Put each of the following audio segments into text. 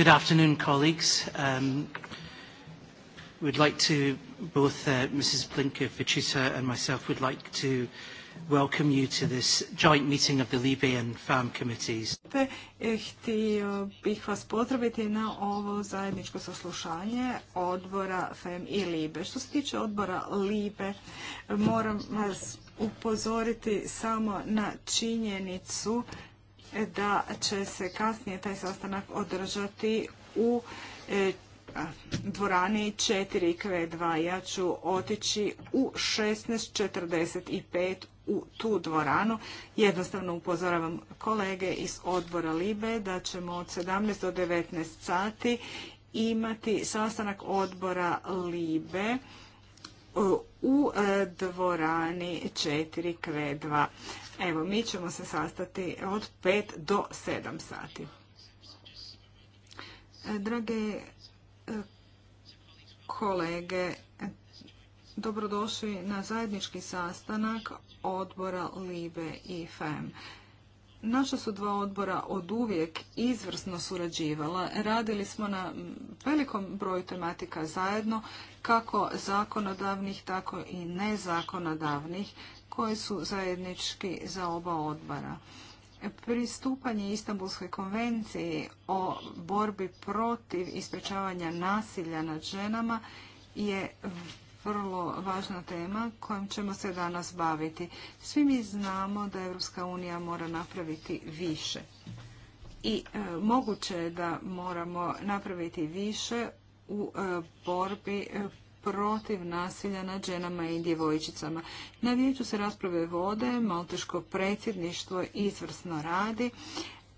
Good afternoon, colleagues. Um, we'd like to, both uh, Mrs. Blinker Fichusa and myself would like to welcome you to this joint meeting of the Libe and FAM committees. E, htio bih vas pozdraviti na ovo zajedničko saslušanje odbora FEM i Libe. Što se tiče odbora Libe, moram vas upozoriti samo na činjenicu da će se kasnije taj sastanak održati u e, dvorani 4Q2. Ja ću otići u 16.45 u tu dvoranu. Jednostavno upozoravam kolege iz odbora Libe da ćemo od 17 do 19 sati imati sastanak odbora Libe e, u e, dvorani 4Q2. Evo, mi ćemo se sastati od 5 do 7 sati. E, drage e, kolege, dobrodošli na zajednički sastanak odbora LIBE i FEM. Naša su dva odbora od uvijek izvrsno surađivala. Radili smo na velikom broju tematika zajedno, kako zakonodavnih, tako i nezakonodavnih koje su zajednički za oba odbora. Pristupanje Istanbulskoj konvenciji o borbi protiv isprečavanja nasilja nad ženama je vrlo važna tema kojom ćemo se danas baviti. Svi mi znamo da Europska unija mora napraviti više. I e, moguće je da moramo napraviti više u e, borbi e, protiv nasilja nad ženama i djevojčicama. Na vijeću se rasprave vode, malteško predsjedništvo izvrsno radi,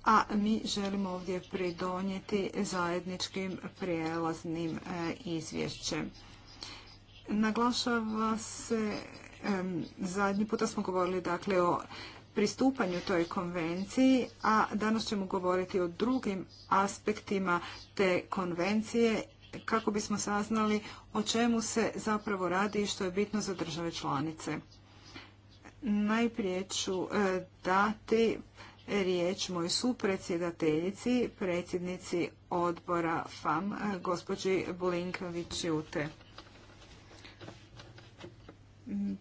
a mi želimo ovdje pridonijeti zajedničkim prijelaznim e, izvješćem. Naglašava se, zadnji puta smo govorili dakle o pristupanju toj konvenciji, a danas ćemo govoriti o drugim aspektima te konvencije kako bismo saznali o čemu se zapravo radi i što je bitno za države članice. Najprije ću e, dati riječ moj supredsjedateljici, predsjednici odbora FAM, e, gospođi bulinković Jute.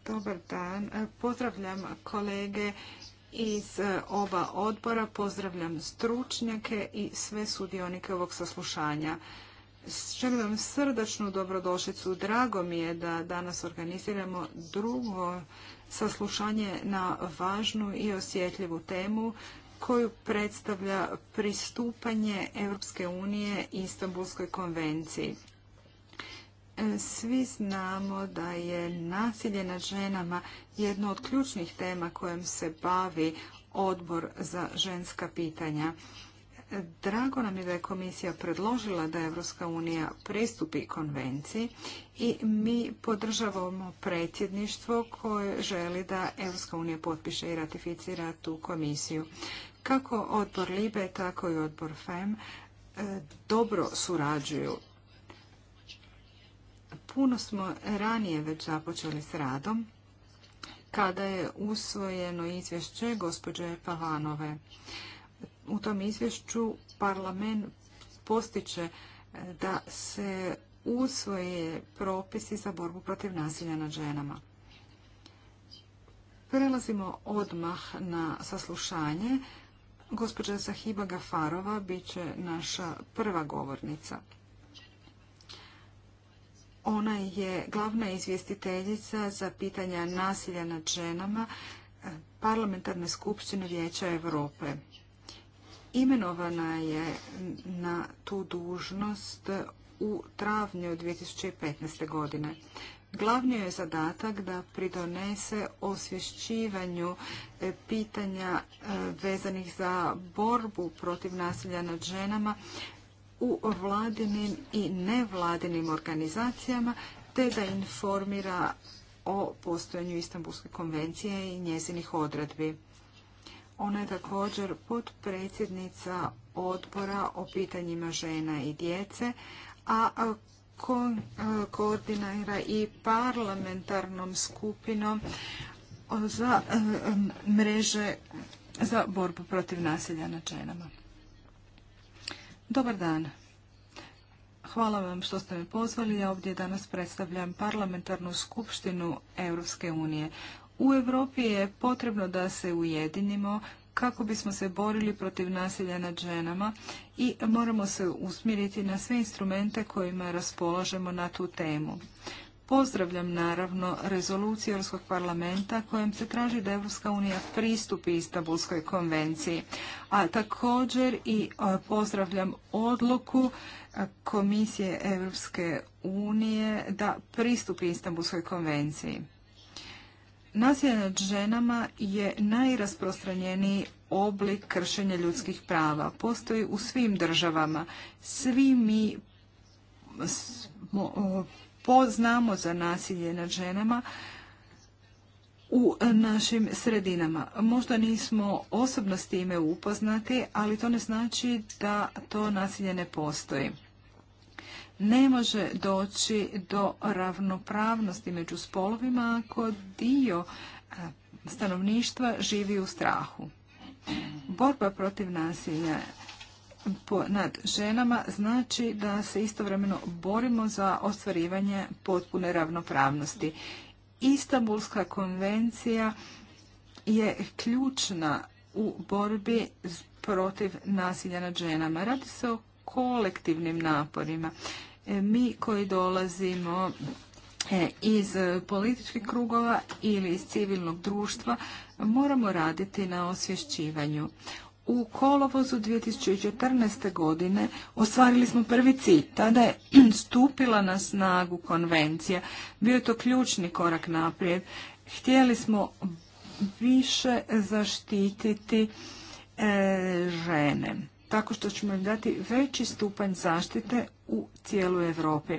Dobar dan. E, pozdravljam kolege iz oba odbora, pozdravljam stručnjake i sve sudionike ovog saslušanja. Želim vam srdačnu dobrodošlicu. Drago mi je da danas organiziramo drugo saslušanje na važnu i osjetljivu temu koju predstavlja pristupanje Europske unije Istanbulskoj konvenciji. E, svi znamo da je nasilje nad ženama jedno od ključnih tema kojom se bavi odbor za ženska pitanja. Drago nam je da je komisija predložila da Evropska unija pristupi konvenciji i mi podržavamo predsjedništvo koje želi da Evropska unija potpiše i ratificira tu komisiju. Kako odbor LIBE, tako i odbor FEM e, dobro surađuju. Puno smo ranije već započeli s radom kada je usvojeno izvješće gospođe Pavanove u tom izvješću parlament postiče e, da se usvoje propisi za borbu protiv nasilja nad ženama. Prelazimo odmah na saslušanje. Gospođa Sahiba Gafarova bit će naša prva govornica. Ona je glavna izvjestiteljica za pitanja nasilja nad ženama Parlamentarne skupštine Vijeća Europe. Imenovana je na tu dužnost u travnju 2015. godine. Glavni je zadatak da pridonese osvješćivanju e, pitanja e, vezanih za borbu protiv nasilja nad ženama u vladinim i nevladinim organizacijama te da informira o postojanju Istanbulske konvencije i njezinih odredbi. Ona je također podpredsjednica odbora o pitanjima žena i djece, a ko koordinira i parlamentarnom skupinom za mreže za borbu protiv nasilja nad ženama. Dobar dan. Hvala vam što ste me pozvali. Ja ovdje danas predstavljam parlamentarnu skupštinu Europske unije. U Europi je potrebno da se ujedinimo kako bismo se borili protiv nasilja nad ženama i moramo se usmjeriti na sve instrumente kojima raspolažemo na tu temu. Pozdravljam naravno rezoluciju Europskog parlamenta kojem se traži da Europska unija pristupi Istanbulskoj konvenciji, a također i pozdravljam odluku Komisije Europske unije da pristupi Istanbulskoj konvenciji. Nasilje nad ženama je najrasprostranjeniji oblik kršenja ljudskih prava. Postoji u svim državama. Svi mi poznamo za nasilje nad ženama u našim sredinama. Možda nismo osobno s time upoznati, ali to ne znači da to nasilje ne postoji ne može doći do ravnopravnosti među spolovima ako dio e, stanovništva živi u strahu. Borba protiv nasilja nad ženama znači da se istovremeno borimo za ostvarivanje potpune ravnopravnosti. Istanbulska konvencija je ključna u borbi protiv nasilja nad ženama. Radi se o kolektivnim naporima mi koji dolazimo e, iz političkih krugova ili iz civilnog društva moramo raditi na osvješćivanju. U kolovozu 2014. godine ostvarili smo prvi cilj. Tada je stupila na snagu konvencija. Bio je to ključni korak naprijed. Htjeli smo više zaštititi e, žene tako što ćemo im dati veći stupanj zaštite u cijelu Europi.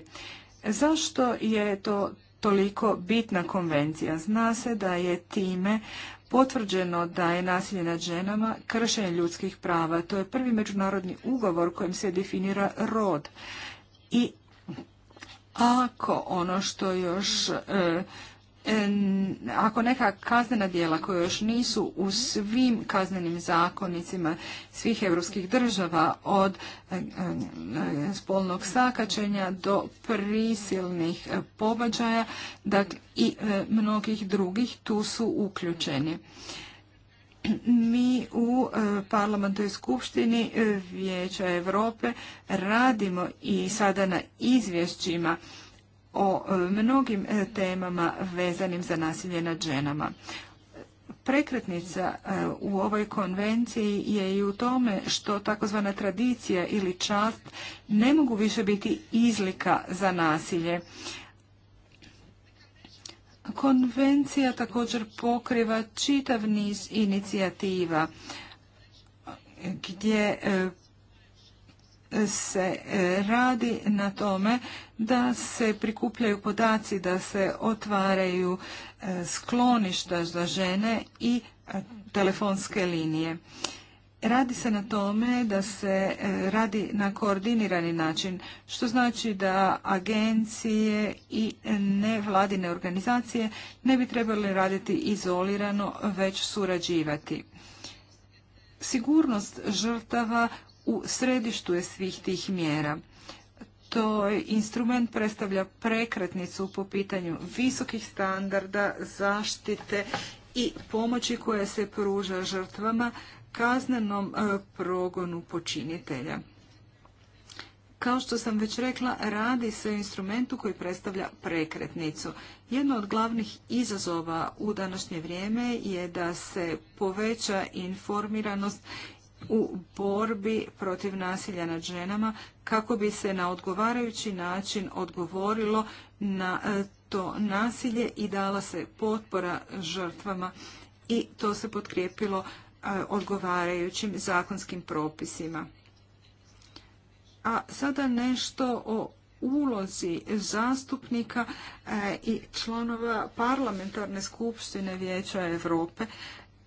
Zašto je to toliko bitna konvencija? Zna se da je time potvrđeno da je nasilje nad ženama kršenje ljudskih prava. To je prvi međunarodni ugovor kojim se definira rod. I ako ono što još e, ako neka kaznena djela koja još nisu u svim kaznenim zakonicima svih europskih država od spolnog sakačenja do prisilnih pobađaja i mnogih drugih tu su uključeni. Mi u parlamentu skupštini Vijeća Europe radimo i sada na izvješćima o e, mnogim e, temama vezanim za nasilje nad ženama. Prekretnica e, u ovoj konvenciji je i u tome što takozvana tradicija ili čast ne mogu više biti izlika za nasilje. Konvencija također pokriva čitav niz inicijativa gdje se e, radi na tome da se prikupljaju podaci, da se otvaraju e, skloništa za žene i e, telefonske linije. Radi se na tome da se radi na koordinirani način, što znači da agencije i nevladine organizacije ne bi trebali raditi izolirano, već surađivati. Sigurnost žrtava u središtu je svih tih mjera. To instrument predstavlja prekretnicu po pitanju visokih standarda zaštite i pomoći koja se pruža žrtvama kaznenom e, progonu počinitelja. Kao što sam već rekla, radi se o instrumentu koji predstavlja prekretnicu. Jedno od glavnih izazova u današnje vrijeme je da se poveća informiranost u borbi protiv nasilja nad ženama kako bi se na odgovarajući način odgovorilo na e, to nasilje i dala se potpora žrtvama i to se potkrijepilo e, odgovarajućim zakonskim propisima. A sada nešto o ulozi zastupnika e, i članova parlamentarne skupštine Vijeća Europe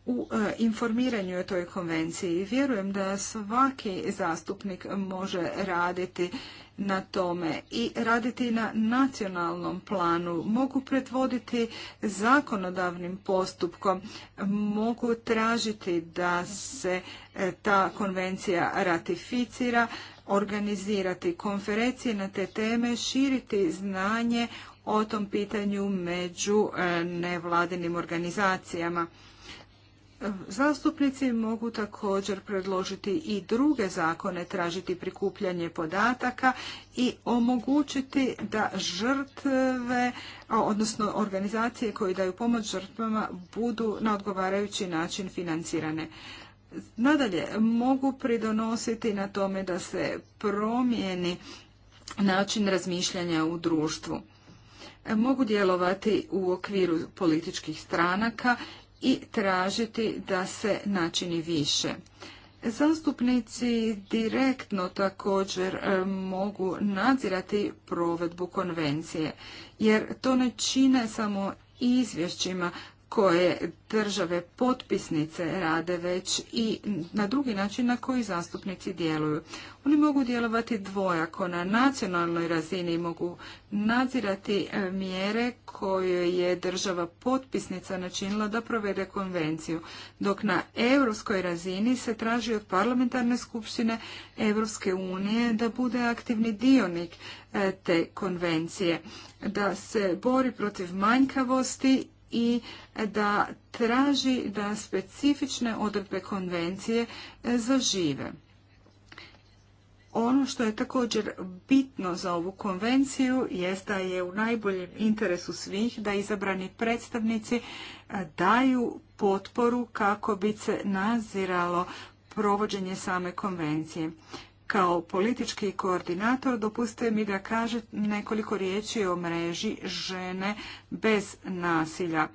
u e, informiranju o toj konvenciji. Vjerujem da svaki zastupnik može raditi na tome i raditi na nacionalnom planu, mogu pretvoditi zakonodavnim postupkom, mogu tražiti da se e, ta konvencija ratificira, organizirati konferencije na te teme, širiti znanje o tom pitanju među e, nevladinim organizacijama. Zastupnici mogu također predložiti i druge zakone, tražiti prikupljanje podataka i omogućiti da žrtve, odnosno organizacije koje daju pomoć žrtvama, budu na odgovarajući način financirane. Nadalje, mogu pridonositi na tome da se promijeni način razmišljanja u društvu. E, mogu djelovati u okviru političkih stranaka i tražiti da se načini više. Zastupnici direktno također e, mogu nadzirati provedbu konvencije, jer to ne čine samo izvješćima koje države potpisnice rade već i na drugi način na koji zastupnici djeluju. Oni mogu djelovati dvojako. Na nacionalnoj razini mogu nadzirati e, mjere koje je država potpisnica načinila da provede konvenciju, dok na europskoj razini se traži od parlamentarne skupštine Europske unije da bude aktivni dionik e, te konvencije, da se bori protiv manjkavosti i da traži da specifične odredbe konvencije e, zažive. Ono što je također bitno za ovu konvenciju jest da je u najboljem interesu svih da izabrani predstavnici e, daju potporu kako bi se naziralo provođenje same konvencije. Kao politički koordinator dopustite mi da kažem nekoliko riječi o mreži žene bez nasilja.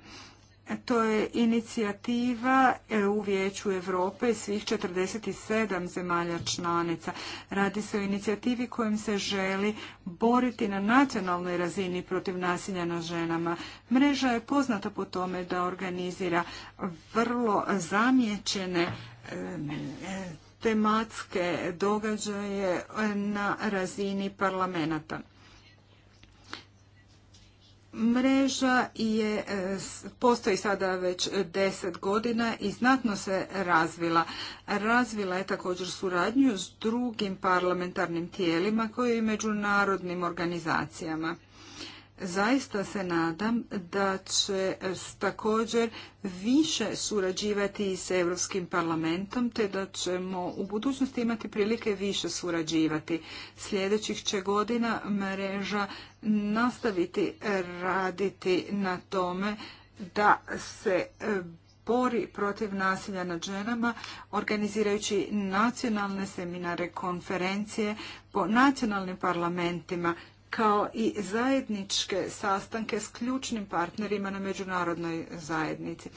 To je inicijativa u Vijeću Europe svih 47 zemalja članica. Radi se o inicijativi kojim se želi boriti na nacionalnoj razini protiv nasilja na ženama. Mreža je poznata po tome da organizira vrlo zamjećene tematske događaje na razini parlamenta. Mreža je, postoji sada već deset godina i znatno se razvila. Razvila je također suradnju s drugim parlamentarnim tijelima koji i međunarodnim organizacijama. Zaista se nadam da će također više surađivati s Europskim parlamentom, te da ćemo u budućnosti imati prilike više surađivati. Sljedećih će godina mreža nastaviti raditi na tome da se e, bori protiv nasilja nad ženama, organizirajući nacionalne seminare, konferencije po nacionalnim parlamentima, kao i zajedničke sastanke s ključnim partnerima na međunarodnoj zajednici.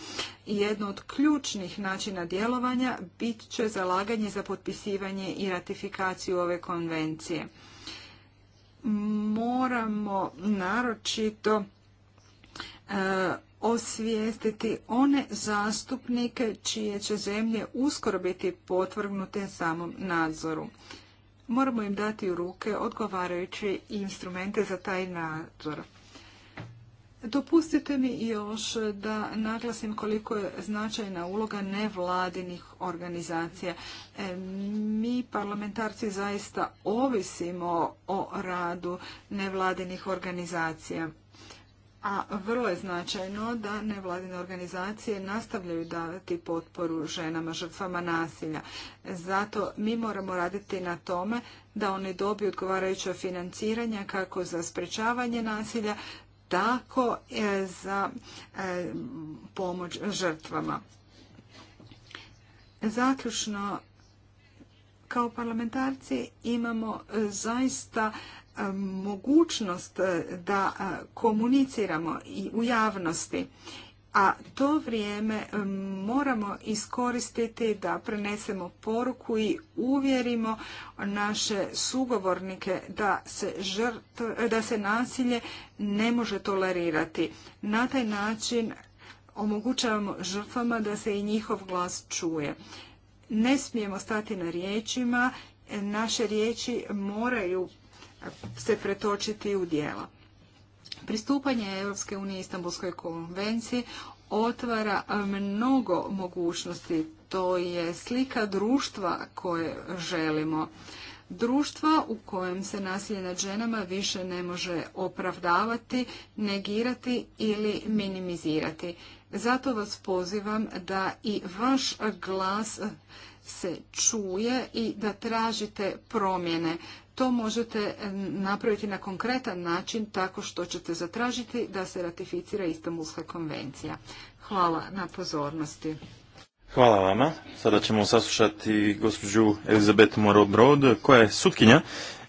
jedno od ključnih načina djelovanja bit će zalaganje za potpisivanje i ratifikaciju ove konvencije. Moramo naročito e, osvijestiti one zastupnike čije će zemlje uskoro biti potvrgnute samom nadzoru moramo im dati u ruke odgovarajuće instrumente za taj nadzor. Dopustite mi još da naglasim koliko je značajna uloga nevladinih organizacija. E, mi parlamentarci zaista ovisimo o radu nevladinih organizacija a vrlo je značajno da nevladine organizacije nastavljaju davati potporu ženama žrtvama nasilja. Zato mi moramo raditi na tome da one dobiju odgovarajuće financiranja kako za sprečavanje nasilja, tako e, za e, pomoć žrtvama. Zaključno, kao parlamentarci imamo zaista mogućnost e, da e, komuniciramo i u javnosti, a to vrijeme e, moramo iskoristiti da prenesemo poruku i uvjerimo naše sugovornike da se, žrt, da se nasilje ne može tolerirati. Na taj način omogućavamo žrtvama da se i njihov glas čuje. Ne smijemo stati na riječima, naše riječi moraju se pretočiti u dijela. Pristupanje Europske unije Istanbulskoj konvenciji otvara mnogo mogućnosti. To je slika društva koje želimo. Društva u kojem se nasilje nad ženama više ne može opravdavati, negirati ili minimizirati. Zato vas pozivam da i vaš glas se čuje i da tražite promjene. To možete napraviti na konkretan način tako što ćete zatražiti da se ratificira Istanbulska konvencija. Hvala na pozornosti. Hvala vama. Sada ćemo saslušati gospođu Elizabeth Morobrod, koja je sutkinja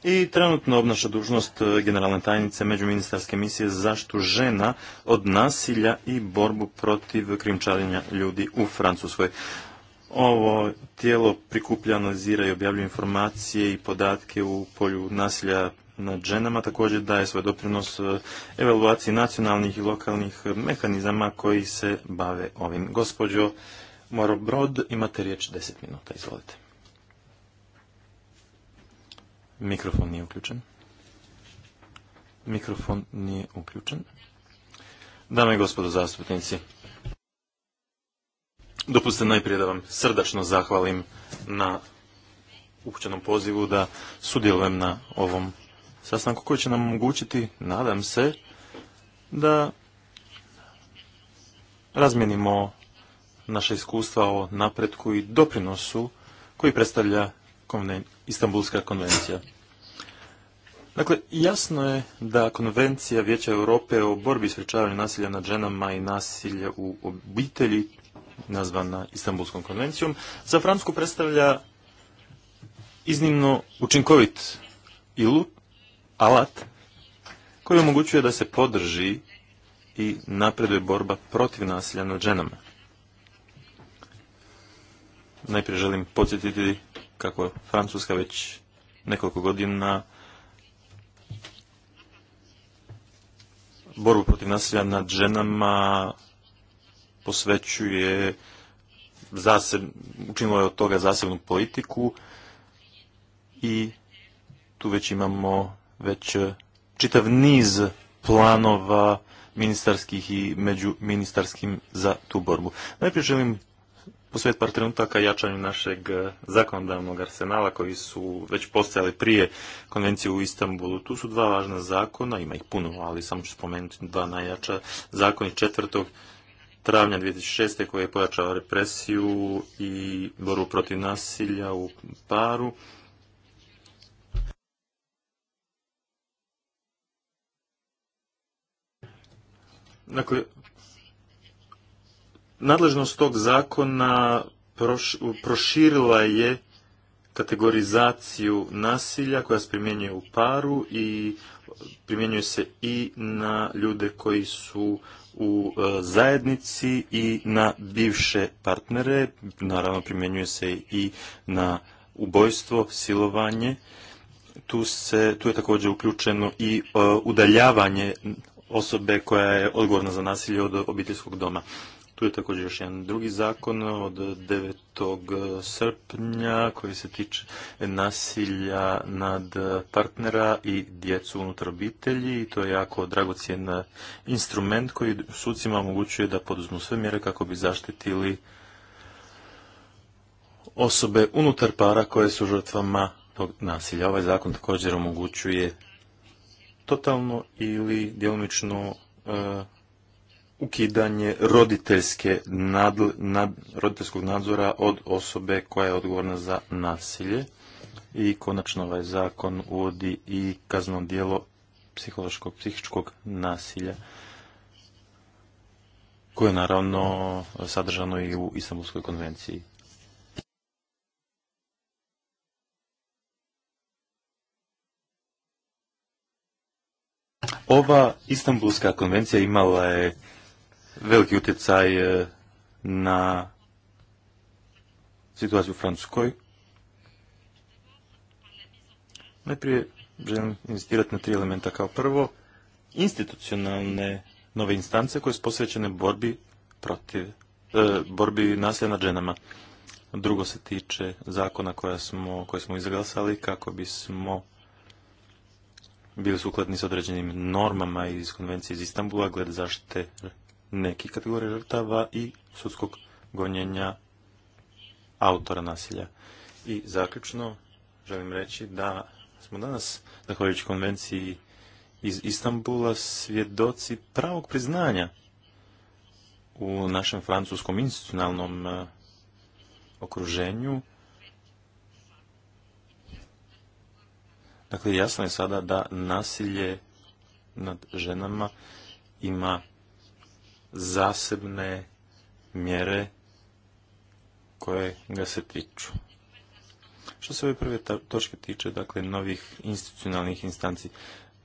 i trenutno obnaša dužnost eh, generalne tajnice Međuministarske misije za zaštitu žena od nasilja i borbu protiv krimčarenja ljudi u Francuskoj. Ovo tijelo prikuplja, analizira i objavljuje informacije i podatke u polju nasilja nad ženama, također daje svoj doprinos e, evaluaciji nacionalnih i lokalnih mehanizama koji se bave ovim. Gospođo brod imate riječ 10 minuta, izvolite. Mikrofon nije uključen. Mikrofon nije uključen. Dame i gospodo zastupnici, Dopustite najprije da vam srdačno zahvalim na upućenom pozivu da sudjelujem na ovom sastanku koji će nam omogućiti, nadam se, da razmijenimo naše iskustva o napretku i doprinosu koji predstavlja konven... Istanbulska konvencija. Dakle, jasno je da konvencija Vijeća Europe o borbi i sprječavanju nasilja nad ženama i nasilja u obitelji nazvana Istanbulskom konvencijom, za Francusku predstavlja iznimno učinkovit ilu, alat, koji omogućuje da se podrži i napreduje borba protiv nasilja nad ženama. Najprije želim podsjetiti kako Francuska već nekoliko godina borbu protiv nasilja nad ženama posvećuje zase, učinilo je od toga zasebnu politiku i tu već imamo već čitav niz planova ministarskih i među ministarskim za tu borbu. Najprije želim posvet par trenutaka jačanju našeg zakonodavnog arsenala koji su već postojali prije konvencije u Istanbulu. Tu su dva važna zakona, ima ih puno, ali samo ću spomenuti dva najjača zakona četvrtog travnja 2006. koji je pojačao represiju i boru protiv nasilja u paru. Dakle, nadležnost tog zakona proširila je kategorizaciju nasilja koja se primjenjuje u paru i primjenjuje se i na ljude koji su u e, zajednici i na bivše partnere, naravno primjenjuje se i na ubojstvo, silovanje. Tu, se, tu je također uključeno i e, udaljavanje osobe koja je odgovorna za nasilje od obiteljskog doma. Tu je također još jedan drugi zakon od 9. srpnja koji se tiče nasilja nad partnera i djecu unutar obitelji i to je jako dragocijen instrument koji sucima omogućuje da poduzmu sve mjere kako bi zaštitili osobe unutar para koje su žrtvama tog nasilja. Ovaj zakon također omogućuje totalno ili djelomično e, ukidanje roditeljske nad, roditeljskog nadzora od osobe koja je odgovorna za nasilje i konačno ovaj zakon uvodi i kazno dijelo psihološkog, psihičkog nasilja koje je naravno sadržano i u Istanbulskoj konvenciji. Ova Istanbulska konvencija imala je veliki utjecaj e, na situaciju u Francuskoj. Najprije želim inzistirati na tri elementa. Kao prvo, institucionalne nove instance koje su posvećene borbi protiv, e, borbi nasilja nad ženama. Drugo se tiče zakona koja smo, koje smo izglasali kako bismo bili sukladni s određenim normama iz konvencije iz Istambula glede zaštite nekih kategorija žrtava i sudskog gonjenja autora nasilja. I zaključno želim reći da smo danas, zahvaljujući konvenciji iz Istambula, svjedoci pravog priznanja u našem francuskom institucionalnom e, okruženju. Dakle, jasno je sada da nasilje nad ženama ima zasebne mjere koje ga se tiču. Što se ove prve točke tiče, dakle, novih institucionalnih instanci,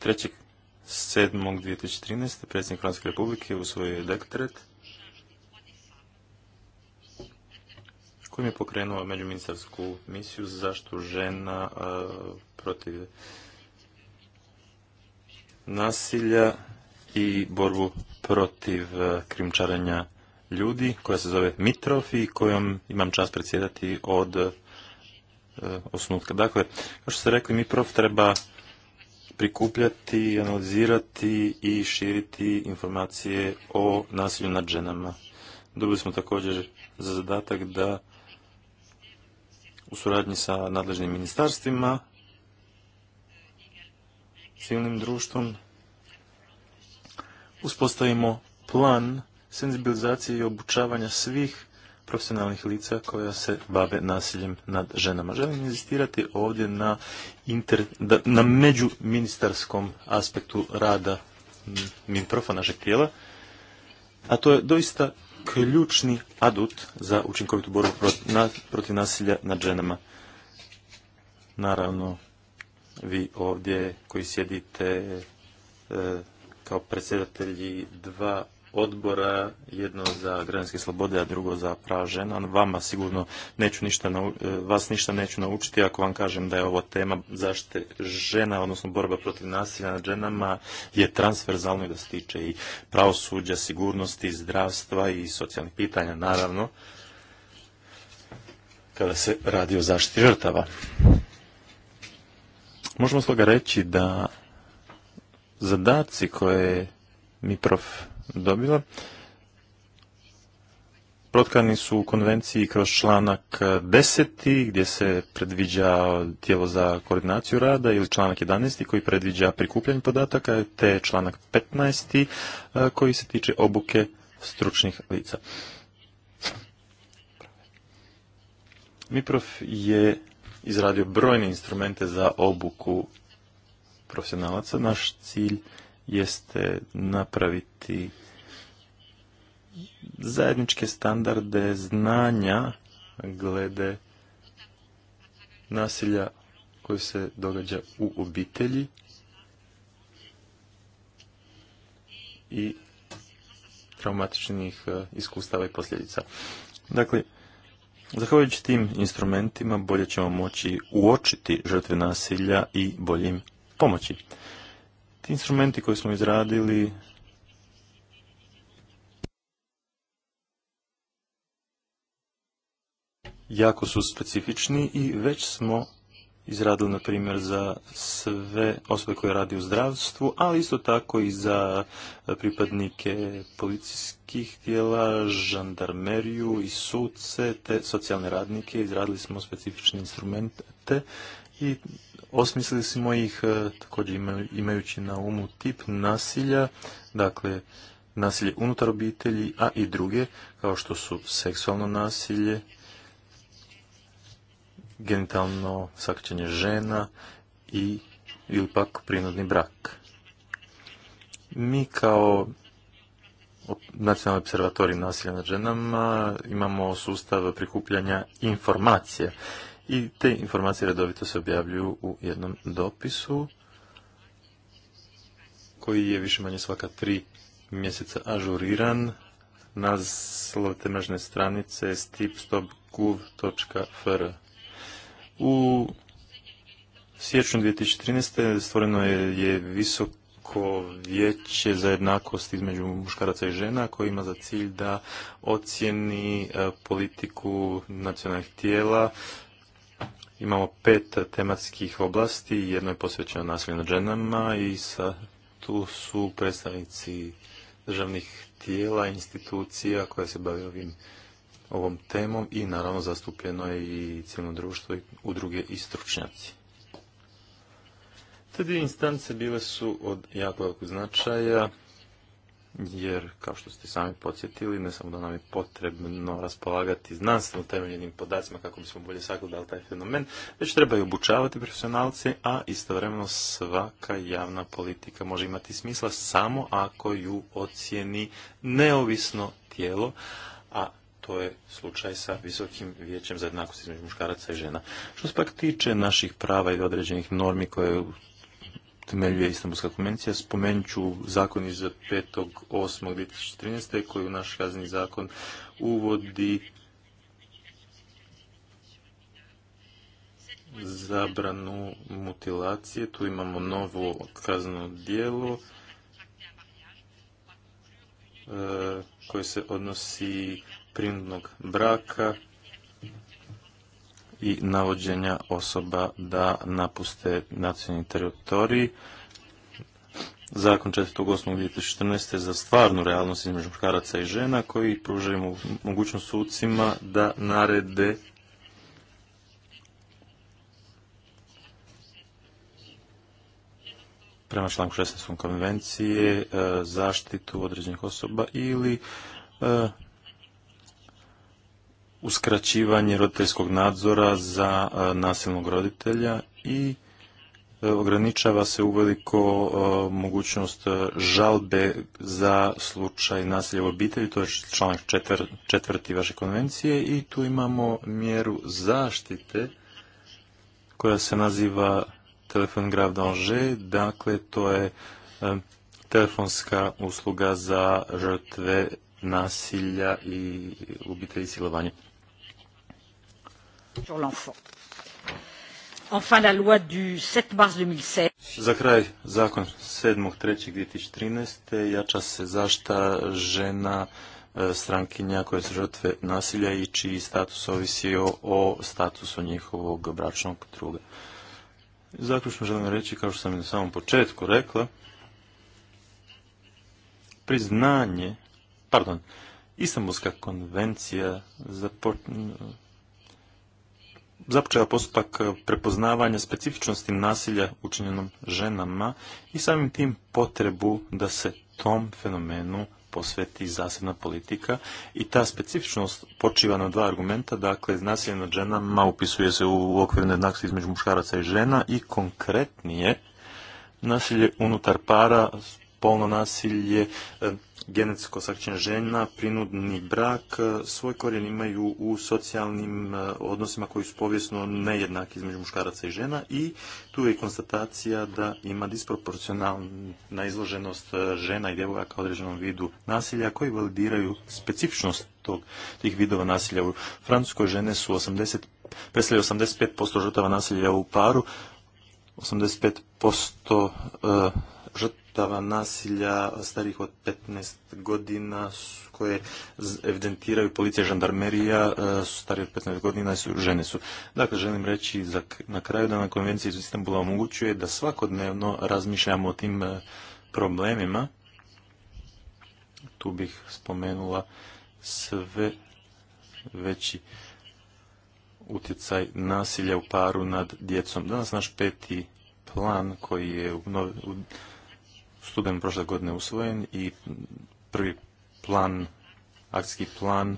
3.7.2013. predsjednik Hrvatske republike usvojio je dektret kojim je pokrenuo međuministarsku misiju za zaštitu žena protiv nasilja i borbu protiv e, krimčaranja ljudi koja se zove Mitrov i kojom imam čas predsjedati od e, osnutka. Dakle, kao što ste rekli, Mitrov treba prikupljati, analizirati i širiti informacije o nasilju nad ženama. Dobili smo također za zadatak da u suradnji sa nadležnim ministarstvima, civilnim društvom, uspostavimo plan senzibilizacije i obučavanja svih profesionalnih lica koja se bave nasiljem nad ženama. Želim inzistirati ovdje na, inter, na međuministarskom aspektu rada Minprofa našeg tijela, a to je doista ključni adut za učinkovitu borbu protiv, nasilja nad ženama. Naravno, vi ovdje koji sjedite e, kao predsjedatelji dva odbora, jedno za građanske slobode, a drugo za prava žena. Vama sigurno neću ništa, e, vas ništa neću naučiti ako vam kažem da je ovo tema zaštite žena, odnosno borba protiv nasilja nad ženama je transverzalno i da se tiče i pravosuđa, sigurnosti, zdravstva i socijalnih pitanja, naravno, kada se radi o zaštiti žrtava. Možemo stoga reći da zadaci koje je MIPROF dobila protkani su u konvenciji kroz članak 10. gdje se predviđa tijelo za koordinaciju rada ili članak 11. koji predviđa prikupljanje podataka te članak 15. E, koji se tiče obuke stručnih lica. MIPROF je izradio brojne instrumente za obuku profesionalaca. Naš cilj jeste napraviti zajedničke standarde znanja glede nasilja koje se događa u obitelji i traumatičnih e, iskustava i posljedica. Dakle, zahvaljujući tim instrumentima bolje ćemo moći uočiti žrtve nasilja i boljim pomoći. Ti instrumenti koje smo izradili jako su specifični i već smo izradili, na primjer, za sve osobe koje radi u zdravstvu, ali isto tako i za pripadnike policijskih tijela, žandarmeriju i suce, te socijalne radnike. Izradili smo specifične instrumente i Osmislili smo ih e, također imajući na umu tip nasilja, dakle nasilje unutar obitelji, a i druge kao što su seksualno nasilje, genitalno sakćenje žena i ili pak prinudni brak. Mi kao Nacionalni observatorij nasilja nad ženama imamo sustav prikupljanja informacija i te informacije redovito se objavljuju u jednom dopisu koji je više manje svaka tri mjeseca ažuriran na te mrežne stranice stipstopguv.fr U siječnju 2013. stvoreno je, visoko vijeće za jednakost između muškaraca i žena koji ima za cilj da ocjeni e, politiku nacionalnih tijela Imamo pet tematskih oblasti, jedno je posvećeno nasilju nad ženama i sa, tu su predstavnici državnih tijela, institucija koja se bave ovim ovom temom i naravno zastupljeno je i civilno društvo i udruge i stručnjaci. Te dvije instance bile su od jako velikog značaja jer kao što ste sami podsjetili, ne samo da nam je potrebno raspolagati znanstveno temeljenim podacima kako bismo bolje sagledali taj fenomen, već treba i obučavati profesionalce, a istovremeno svaka javna politika može imati smisla samo ako ju ocijeni neovisno tijelo, a to je slučaj sa visokim vijećem za jednakost između muškaraca i žena. Što se pak tiče naših prava i određenih normi koje temeljuje Istanbulska konvencija. Spomenut ću zakon iz 5.8.2013. koji u naš kazni zakon uvodi zabranu mutilacije. Tu imamo novo kazneno dijelo e, koje se odnosi prinudnog braka i navođenja osoba da napuste nacionalni teritorij. Zakon 4.8.2014. za stvarnu realnost između muškaraca i žena koji pružaju mogućnost sucima da narede prema članku 16. konvencije e, zaštitu određenih osoba ili e, uskraćivanje roditeljskog nadzora za e, nasilnog roditelja i e, ograničava se uveliko e, mogućnost žalbe za slučaj nasilja u obitelji, to je članak četvrti vaše konvencije i tu imamo mjeru zaštite koja se naziva telefon Grav d'Angers, dakle to je telefonska usluga za žrtve nasilja i obitelji silovanja sur l'enfant. Enfin, la loi du 7 mars 2007. Za kraj, zakon 7.3.2013. jača se zašta žena e, strankinja koje su žrtve nasilja i čiji status ovisi o, o statusu njihovog bračnog druga. Zaključno želim reći, kao što sam i na samom početku rekla, priznanje, pardon, Istanbulska konvencija za započela postupak prepoznavanja specifičnosti nasilja učinjenom ženama i samim tim potrebu da se tom fenomenu posveti zasebna politika i ta specifičnost počiva na dva argumenta, dakle nasilje nad ženama upisuje se u okvirne jednakosti između muškaraca i žena i konkretnije nasilje unutar para, polno nasilje, genetsko sakćenje žena, prinudni brak, e, svoj korijen imaju u socijalnim e, odnosima koji su povijesno nejednaki između muškaraca i žena i tu je konstatacija da ima disproporcionalna izloženost e, žena i djevojaka određenom vidu nasilja koji validiraju specifičnost tog, tih vidova nasilja. U Francuskoj žene su 80, predstavljaju 85% žrtava nasilja u paru, 85% žrtava nasilja starih od 15 godina koje evidentiraju policija žandarmerija e, su stari od 15 godina su žene su. Dakle, želim reći na kraju da na konvenciji iz Istanbula omogućuje da svakodnevno razmišljamo o tim e, problemima. Tu bih spomenula sve veći utjecaj nasilja u paru nad djecom. Danas naš peti plan koji je u studen prošle godine usvojen i prvi plan, akcijski plan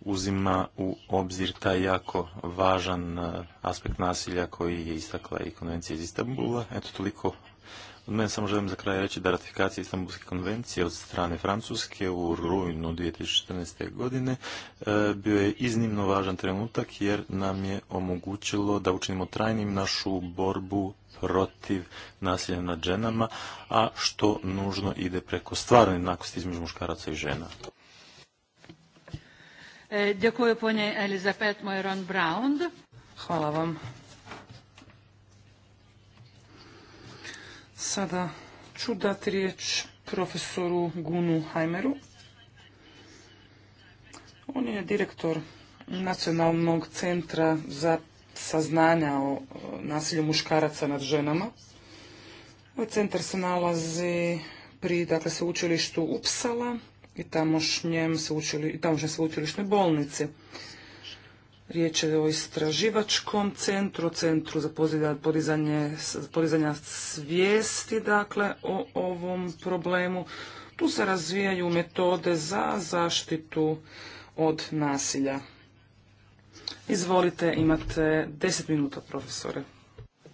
uzima u obzir taj jako važan eh, aspekt nasilja koji je istakla i konvencija iz Istanbula. Eto toliko od mene samo želim za kraj reći da ratifikacija Istanbulske konvencije od strane Francuske u rujnu 2014. godine e, bio je iznimno važan trenutak jer nam je omogućilo da učinimo trajnim našu borbu protiv nasilja nad ženama, a što nužno ide preko stvarne jednakosti između muškaraca i žena. E, Hvala vam. Sada ću dati riječ profesoru Gunu Hajmeru. On je direktor Nacionalnog centra za saznanja o e, nasilju muškaraca nad ženama. Ovaj centar se nalazi pri dakle, sveučilištu Upsala i tamošnjem sveučilišnoj bolnici. Riječ je o istraživačkom centru, centru za podizanje, svijesti dakle, o ovom problemu. Tu se razvijaju metode za zaštitu od nasilja. Izvolite, imate 10 minuta, profesore.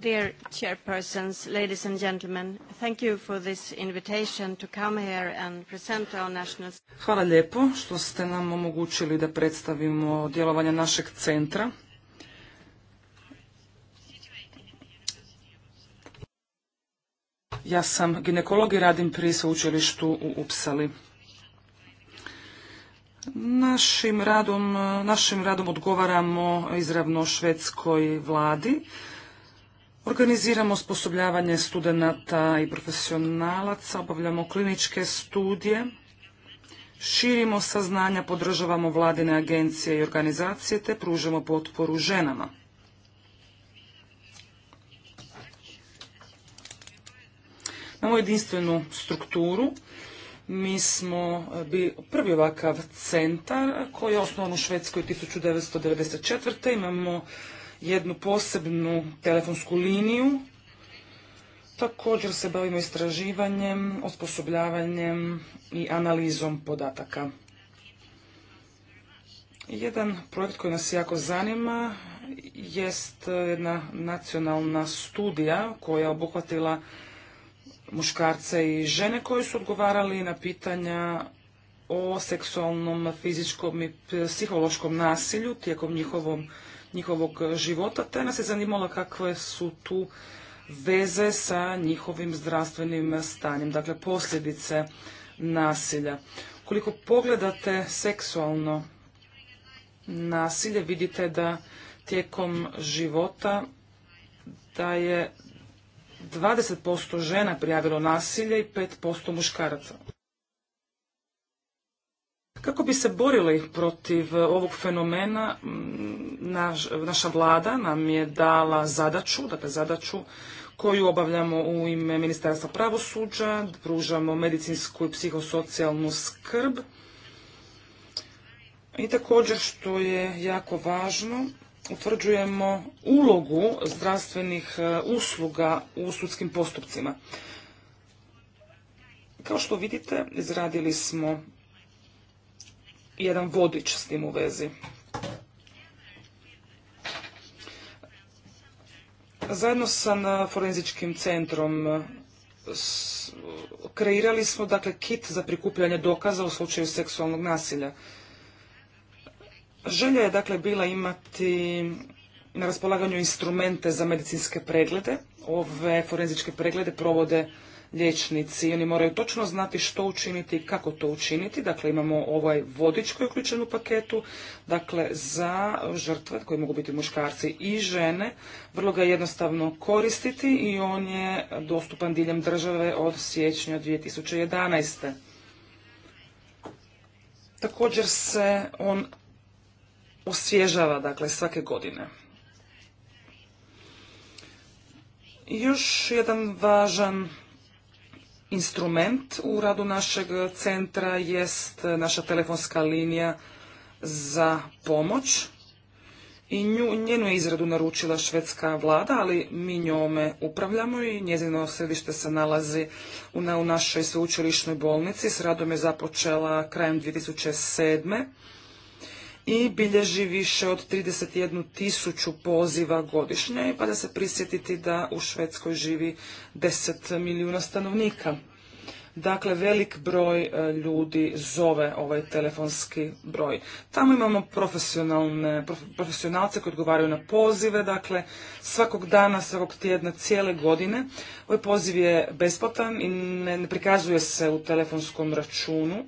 Dear chairpersons, ladies and gentlemen, thank you for this invitation to come here and present our national... Hvala lijepo što ste nam omogućili da predstavimo djelovanje našeg centra. Ja sam ginekolog i radim pri sveučilištu u Upsali. Našim radom, našim radom odgovaramo izravno švedskoj vladi Organiziramo osposobljavanje studenata i profesionalaca, obavljamo kliničke studije, širimo saznanja, podržavamo vladine agencije i organizacije te pružamo potporu ženama. Imamo jedinstvenu strukturu. Mi smo e, prvi ovakav centar koji je osnovan u Švedskoj 1994. Imamo jednu posebnu telefonsku liniju. Također se bavimo istraživanjem, osposobljavanjem i analizom podataka. Jedan projekt koji nas jako zanima jest jedna nacionalna studija koja je obuhvatila muškarce i žene koji su odgovarali na pitanja o seksualnom, fizičkom i psihološkom nasilju tijekom njihovom, njihovog života, te nas je zanimalo kakve su tu veze sa njihovim zdravstvenim stanjem, dakle posljedice nasilja. Koliko pogledate seksualno nasilje, vidite da tijekom života da je 20% žena prijavilo nasilje i 5% muškaraca. Kako bi se borili protiv ovog fenomena, naša vlada nam je dala zadaću, dakle zadaću koju obavljamo u ime Ministarstva pravosuđa, pružamo medicinsku i psihosocijalnu skrb. I također što je jako važno, utvrđujemo ulogu zdravstvenih e, usluga u sudskim postupcima. Kao što vidite, izradili smo jedan vodič s tim u vezi. Zajedno sa uh, forenzičkim centrom uh, uh, kreirali smo dakle kit za prikupljanje dokaza u slučaju seksualnog nasilja. Želja je dakle bila imati na raspolaganju instrumente za medicinske preglede. Ove forenzičke preglede provode liječnici. Oni moraju točno znati što učiniti i kako to učiniti. Dakle, imamo ovaj vodič koji uključen u paketu. Dakle, za žrtve koji mogu biti muškarci i žene, vrlo ga je jednostavno koristiti i on je dostupan diljem države od siječnja 2011. Također se on osvježava dakle svake godine. Još jedan važan instrument u radu našeg centra jest naša telefonska linija za pomoć i njenu je izradu naručila švedska vlada, ali mi njome upravljamo i njezino središte se nalazi u, našoj sveučilišnoj bolnici. S radom je započela krajem 2007 i bilježi više od 31 tisuću poziva godišnje, pa da se prisjetiti da u Švedskoj živi 10 milijuna stanovnika. Dakle, velik broj e, ljudi zove ovaj telefonski broj. Tamo imamo profesionalce koji odgovaraju na pozive, dakle, svakog dana, svakog tjedna, cijele godine. Ovaj poziv je besplatan i ne prikazuje se u telefonskom računu.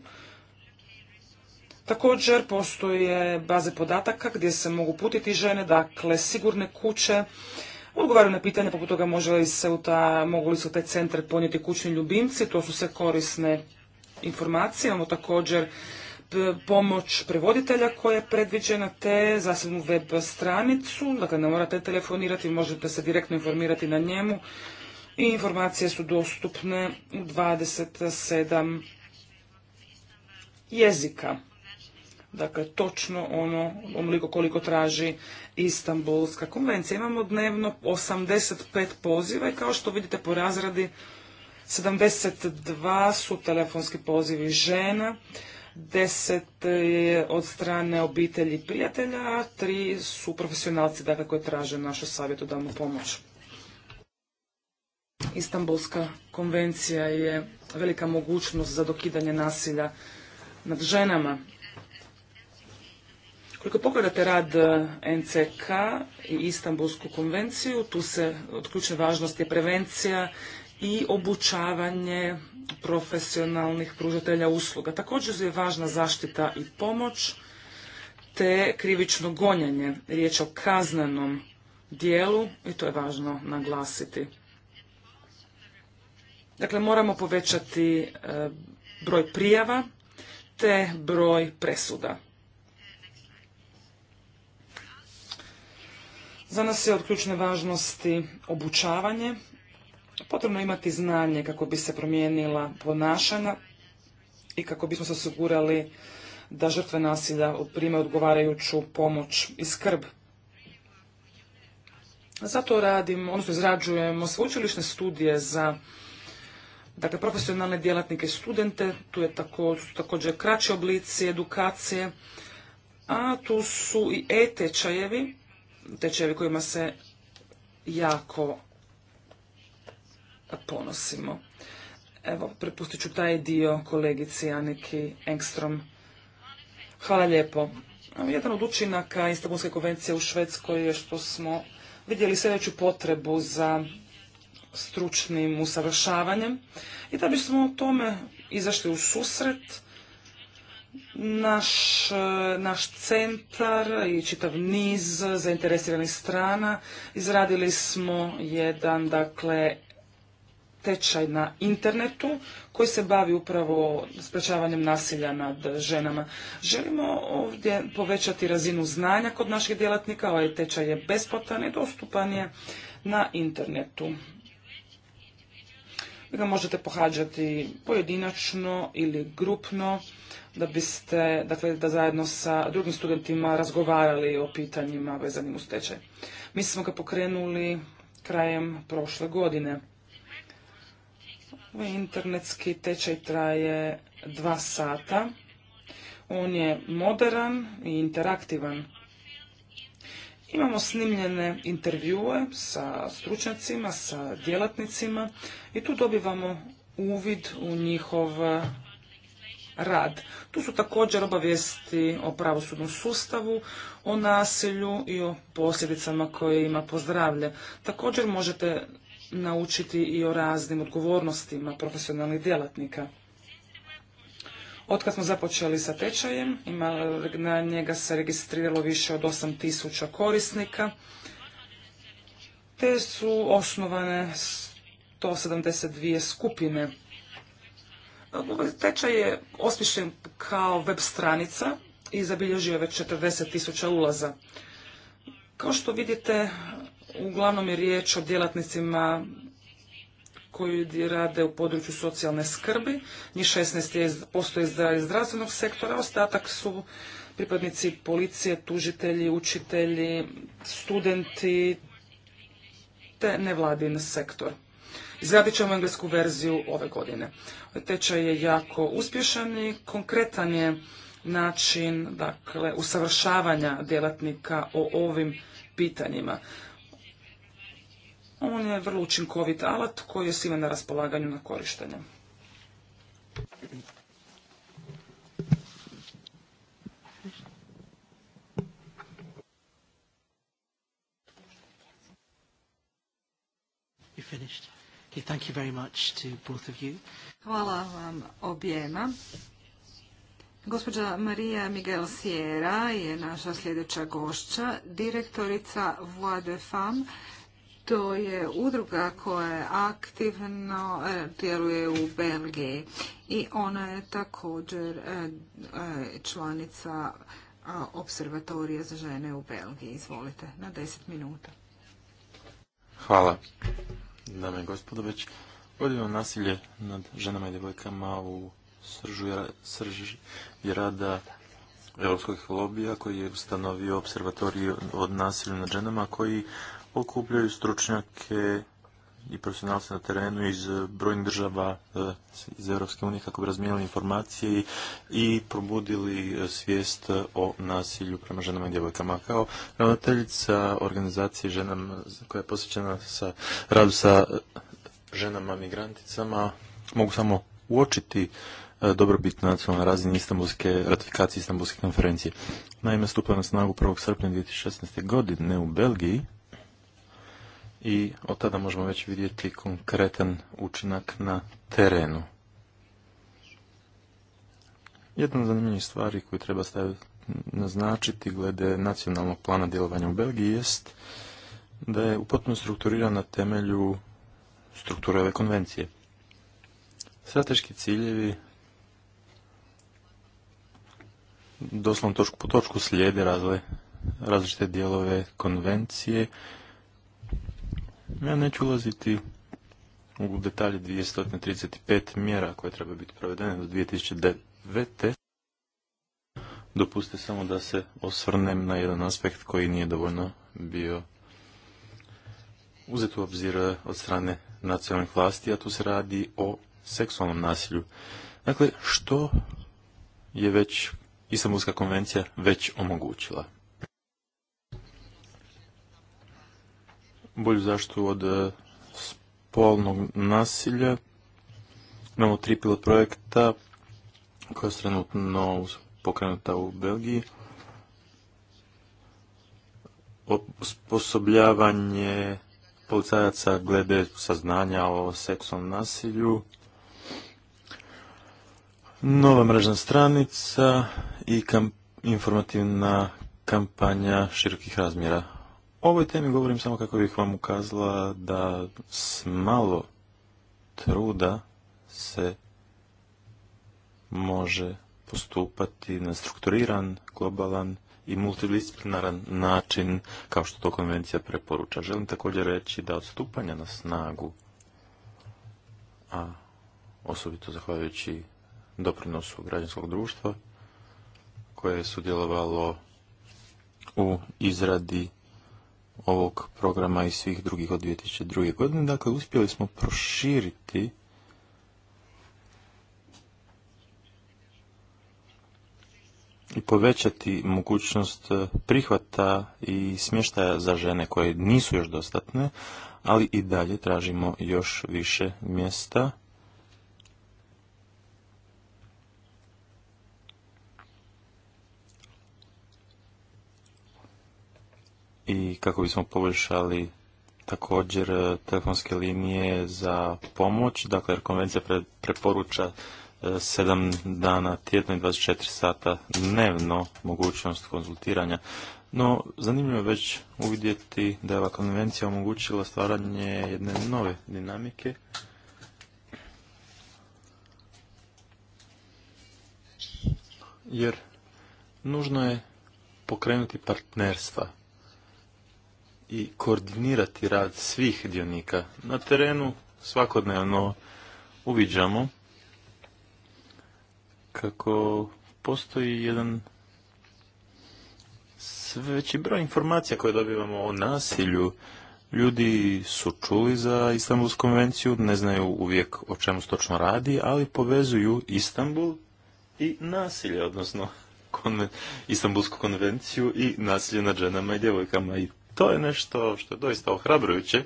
Također postoje baze podataka gdje se mogu putiti žene, dakle sigurne kuće, Odgovaraju na pitanje poput toga može se u mogu li se u taj centar ponijeti kućni ljubimci, to su sve korisne informacije. Imamo također pomoć prevoditelja koja je predviđena te zasebnu web stranicu, dakle ne morate telefonirati, možete se direktno informirati na njemu i informacije su dostupne u 27 jezika dakle točno ono onoliko koliko traži Istanbulska konvencija. Imamo dnevno 85 poziva i kao što vidite po razradi 72 su telefonski pozivi žena, 10 je od strane obitelji i prijatelja, a 3 su profesionalci dakle, koji traže našu savjetodavnu pomoć. Istanbulska konvencija je velika mogućnost za dokidanje nasilja nad ženama. Ako pogledate rad e, NCK i Istanbulsku konvenciju, tu se od ključne važnosti je prevencija i obučavanje profesionalnih pružatelja usluga. Također je važna zaštita i pomoć, te krivično gonjanje, Riječ o kaznenom dijelu i to je važno naglasiti. Dakle, moramo povećati e, broj prijava te broj presuda. Za nas je od ključne važnosti obučavanje. Potrebno je imati znanje kako bi se promijenila ponašanja i kako bismo se osigurali da žrtve nasilja prime odgovarajuću pomoć i skrb. Zato radim, odnosno izrađujemo sveučilišne studije za dakle, profesionalne djelatnike i studente, tu je tako, su također kraći oblici edukacije, a tu su i e-tečajevi tečevi kojima se jako ponosimo. Evo, prepustit ću taj dio kolegici Aniki Engstrom. Hvala lijepo. Jedan od učinaka Istanbulske konvencije u Švedskoj je što smo vidjeli sve potrebu za stručnim usavršavanjem i da bismo tome izašli u susret E, naš, centar i čitav niz zainteresiranih strana izradili smo jedan dakle tečaj na internetu koji se bavi upravo sprečavanjem nasilja nad ženama. Želimo ovdje povećati razinu znanja kod naših djelatnika, ovaj tečaj je besplatan i dostupan je na internetu. Vi ga možete pohađati pojedinačno ili grupno da biste, dakle, da zajedno sa drugim studentima razgovarali o pitanjima vezanim uz tečaj. Mi smo ga pokrenuli krajem prošle godine. Ovaj internetski tečaj traje dva sata. On je moderan i interaktivan. Imamo snimljene intervjue sa stručnjacima, sa djelatnicima i tu dobivamo uvid u njihov rad. Tu su također obavijesti o pravosudnom sustavu, o nasilju i o posljedicama koje ima pozdravlje. Također možete naučiti i o raznim odgovornostima profesionalnih djelatnika. Otkad smo započeli sa tečajem, na njega se registriralo više od 8000 korisnika, te su osnovane 172 skupine Tečaj je osmišljen kao web stranica i zabilježio je već 40 tisuća ulaza. Kao što vidite, uglavnom je riječ o djelatnicima koji rade u području socijalne skrbi, njih 16% je iz zdravstvenog sektora, ostatak su pripadnici policije, tužitelji, učitelji, studenti te nevladin sektor. Izradit ćemo englesku verziju ove godine. Tečaj je jako uspješan i konkretan je način dakle, usavršavanja djelatnika o ovim pitanjima. On je vrlo učinkovit alat koji je svima na raspolaganju na korištenje. finished. Okay, thank you very much to both of you. Hvala vam objema. Gospođa Marija Miguel Sierra je naša sljedeća gošća, direktorica Voix de Femme. To je udruga koja aktivno e, djeluje u Belgiji i ona je također e, e, članica observatorija za žene u Belgiji. Izvolite, na 10 minuta. Hvala dame i gospodo, već podijeljeno nasilje nad ženama i djevojkama u sržu, srži je rada europskog lobija koji je ustanovio observatoriju od nasilja nad ženama koji okupljaju stručnjake i profesionalci na terenu iz e, brojnih država e, iz Europske unije kako bi razmijenili informacije i probudili e, svijest o nasilju prema ženama i djevojkama. Kao ravnateljica organizacije ženama koja je posvećena sa radu sa ženama migranticama mogu samo uočiti dobrobit nacionalnoj razine istambulske ratifikacije istambulske konferencije. Naime, stupa na snagu 1. srpnja 2016. godine u Belgiji i od tada možemo već vidjeti konkretan učinak na terenu. Jedna od zanimljivih stvari koju treba staviti naznačiti glede nacionalnog plana djelovanja u Belgiji jest da je upotno strukturiran na temelju strukture ove konvencije. Strateški ciljevi doslovno točku po točku slijede različite dijelove konvencije ja neću ulaziti u detalje 235 mjera koje treba biti provedene do 2009. Dopuste samo da se osvrnem na jedan aspekt koji nije dovoljno bio uzet u obzir od strane nacionalnih vlasti, a tu se radi o seksualnom nasilju. Dakle, što je već Istanbulska konvencija već omogućila? bolju zaštitu od e, spolnog nasilja. Imamo tri pilot projekta koja je trenutno pokrenuta u Belgiji. Osposobljavanje policajaca glede saznanja o seksualnom nasilju. Nova mrežna stranica i informativna kampanja širokih razmjera ovoj temi govorim samo kako bih vam ukazala da s malo truda se može postupati na strukturiran, globalan i multidisciplinaran način kao što to konvencija preporuča. Želim također reći da od stupanja na snagu, a osobito zahvaljujući doprinosu građanskog društva koje je sudjelovalo u izradi ovog programa i svih drugih od 2002. godine. Dakle, uspjeli smo proširiti i povećati mogućnost e, prihvata i smještaja za žene koje nisu još dostatne, ali i dalje tražimo još više mjesta i kako bismo poboljšali također e, telefonske linije za pomoć. Dakle, konvencija preporuča 7 e, dana tjedno i 24 sata dnevno mogućnost konzultiranja. No, zanimljivo je već uvidjeti da je ova konvencija omogućila stvaranje jedne nove dinamike. Jer nužno je pokrenuti partnerstva i koordinirati rad svih dionika. Na terenu svakodnevno uviđamo kako postoji jedan sve veći broj informacija koje dobivamo o nasilju. Ljudi su čuli za Istanbulsku konvenciju, ne znaju uvijek o čemu se točno radi, ali povezuju Istanbul i nasilje, odnosno konven, Istanbulsku konvenciju i nasilje nad ženama i djevojkama i to je nešto što je doista ohrabrujuće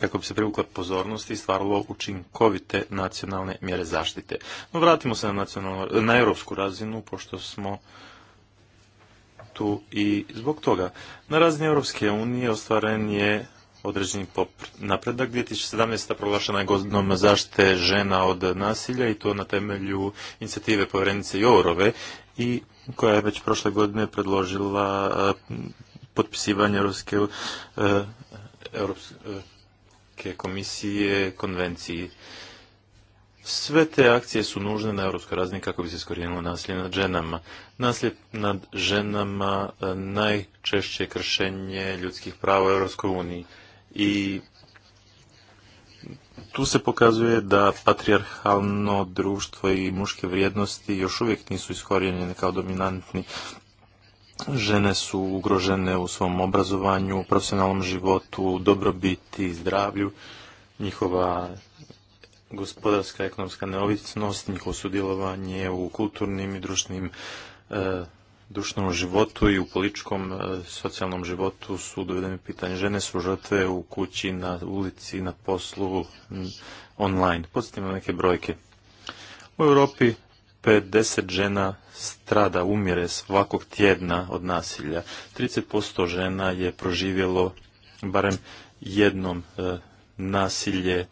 kako bi se privukla pozornost i stvaralo učinkovite nacionalne mjere zaštite. No vratimo se na, na europsku razinu, pošto smo tu i zbog toga. Na razini Europske unije ostvaren je određeni napredak. 2017. proglašena je godinom zaštite žena od nasilja i to na temelju inicijative povjerenice jorove i koja je već prošle godine predložila e, potpisivanje e, Europske, komisije konvenciji. Sve te akcije su nužne na europskoj razini kako bi se iskorijenilo nasilje nad ženama. Nasilje nad ženama e, najčešće je kršenje ljudskih prava u Europskoj uniji i tu se pokazuje da patrijarhalno društvo i muške vrijednosti još uvijek nisu iskorijenjene kao dominantni. Žene su ugrožene u svom obrazovanju, profesionalnom životu, dobrobiti, zdravlju. Njihova gospodarska, ekonomska neovisnost, njihovo sudjelovanje u kulturnim i društvenim e, društvenom životu i u političkom e, socijalnom životu su dovedene pitanje. Žene su žrtve u kući, na ulici, na poslu, online. Podsjetimo neke brojke. U Europi 50 žena strada, umire svakog tjedna od nasilja. 30% žena je proživjelo barem jednom e, nasilje e,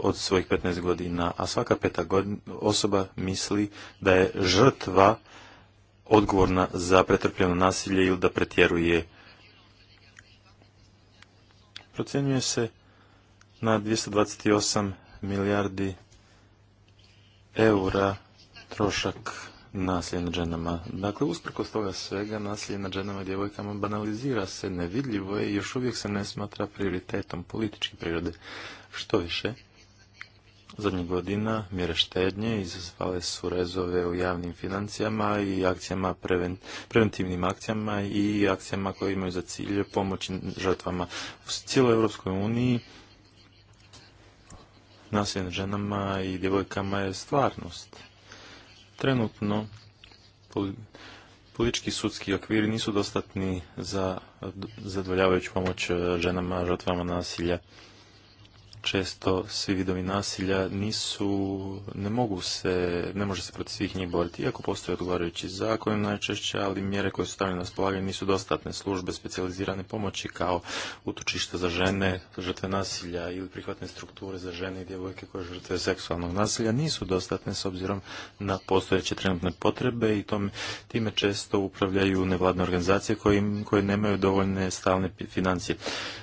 od svojih 15 godina, a svaka peta osoba misli da je žrtva odgovorna za pretrpljeno nasilje ili da pretjeruje. Procjenjuje se na 228 milijardi eura trošak nasilje nad ženama. Dakle, usprkos toga svega, nasilje nad ženama i djevojkama banalizira se, nevidljivo je i još uvijek se ne smatra prioritetom političke prirode. Što više, Zadnjih godina mjere štednje izazvale su rezove u javnim financijama i akcijama preventivnim akcijama i akcijama koje imaju za cilj pomoć žrtvama. U cijeloj Europskoj uniji nasilje nad ženama i djevojkama je stvarnost. Trenutno politički sudski okviri nisu dostatni za zadovoljavajuću pomoć ženama žrtvama nasilja često svi vidovi nasilja nisu, ne mogu se, ne može se protiv svih njih boriti, iako postoje odgovarajući zakon najčešće, ali mjere koje su stavljene na spolaganje nisu dostatne. Službe specijalizirane pomoći kao utočišta za žene, žrtve nasilja ili prihvatne strukture za žene i djevojke koje žrtve seksualnog nasilja nisu dostatne s obzirom na postojeće trenutne potrebe i tome, time često upravljaju nevladne organizacije koje, nemaju dovoljne stalne financije.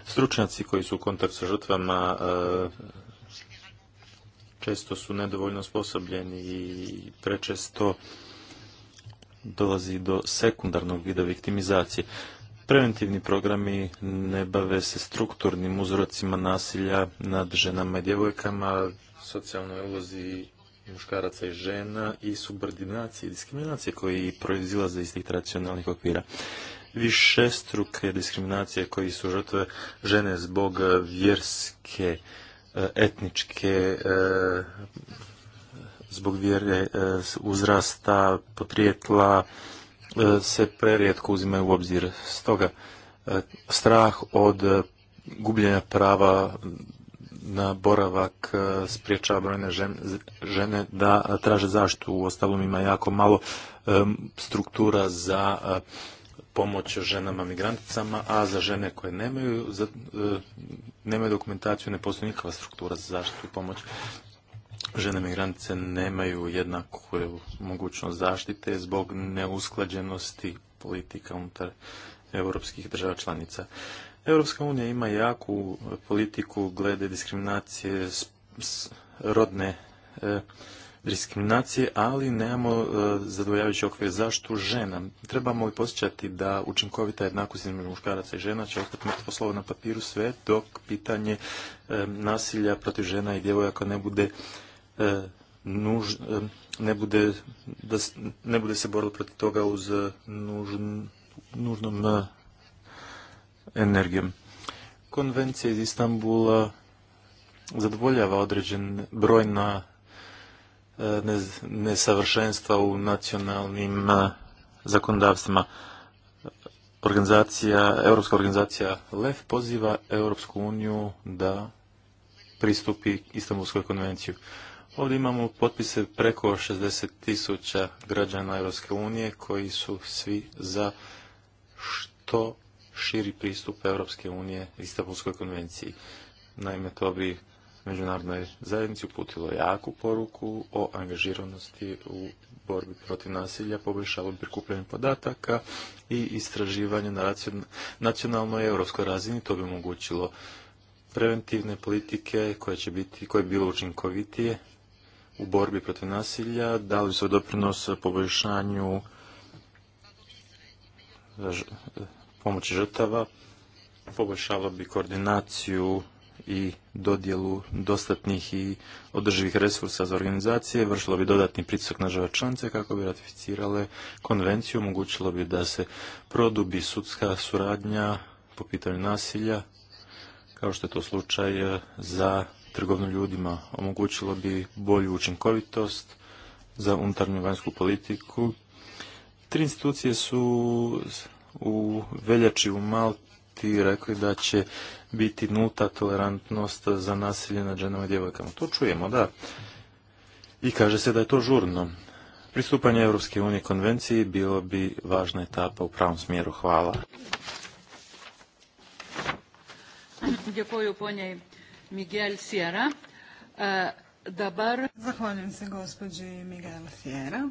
Stručnjaci koji su u kontakt sa žrtvama često su nedovoljno sposobljeni i prečesto dolazi do sekundarnog vida viktimizacije. Preventivni programi ne bave se strukturnim uzrocima nasilja nad ženama i djevojkama, socijalnoj ulozi muškaraca i žena i subordinacije i diskriminacije koji proizilaze iz tih tradicionalnih okvira višestruke diskriminacije koji su žrtve žene zbog e, vjerske, e, etničke, e, zbog vjere uzrasta, potrijetla, se prerijetko uzimaju u obzir. Stoga, strah od gubljenja prava na boravak spriječava brojne žene da traže zaštitu. U ostalom ima jako malo struktura za pomoć ženama migranticama, a za žene koje nemaju, za, e, nemaju dokumentaciju ne postoji nikakva struktura za zaštitu i pomoć. Žene migrantice nemaju jednaku mogućnost zaštite zbog neusklađenosti politika unutar europskih država članica. Europska unija ima jaku politiku glede diskriminacije rodne e, diskriminacije, ali nemamo e, zadovoljavajući okvir Zašto žena. Trebamo i posjećati da učinkovita jednakost između muškaraca i žena će ostati mrtvo slovo na papiru sve dok pitanje e, nasilja protiv žena i djevojaka ne bude e, ne bude, ne bude se borilo protiv toga uz nužnom energijom. Konvencija iz Istambula zadovoljava određen broj na nesavršenstva u nacionalnim e, zakonodavstvima. Organizacija, Europska organizacija LEF poziva Europsku uniju da pristupi Istanbulskoj konvenciju. Ovdje imamo potpise preko 60 tisuća građana Europske unije koji su svi za što širi pristup Europske unije Istanbulskoj konvenciji. Naime, to bi međunarodnoj zajednici uputilo jaku poruku o angažiranosti u borbi protiv nasilja, poboljšalo prikupljanje podataka i istraživanje na nacionalnoj i europskoj razini. To bi omogućilo preventivne politike koje će biti, koje bi bilo učinkovitije u borbi protiv nasilja, dali su doprinos poboljšanju eh, pomoći žrtava, poboljšalo bi koordinaciju i dodjelu dostatnih i održivih resursa za organizacije, vršilo bi dodatni pritisak na države članice kako bi ratificirale konvenciju, omogućilo bi da se produbi sudska suradnja po pitanju nasilja, kao što je to slučaj e, za trgovno ljudima, omogućilo bi bolju učinkovitost za unutarnju vanjsku politiku. Tri institucije su u veljači u Malti rekli da će biti nulta tolerantnost za nasilje nad ženama i djevojkama. To čujemo, da. I kaže se da je to žurno. Pristupanje Europske unije konvenciji bilo bi važna etapa u pravom smjeru. Hvala. Miguel Sierra. Eh, Dabar. Zahvaljujem se gospođi Miguel Sierra.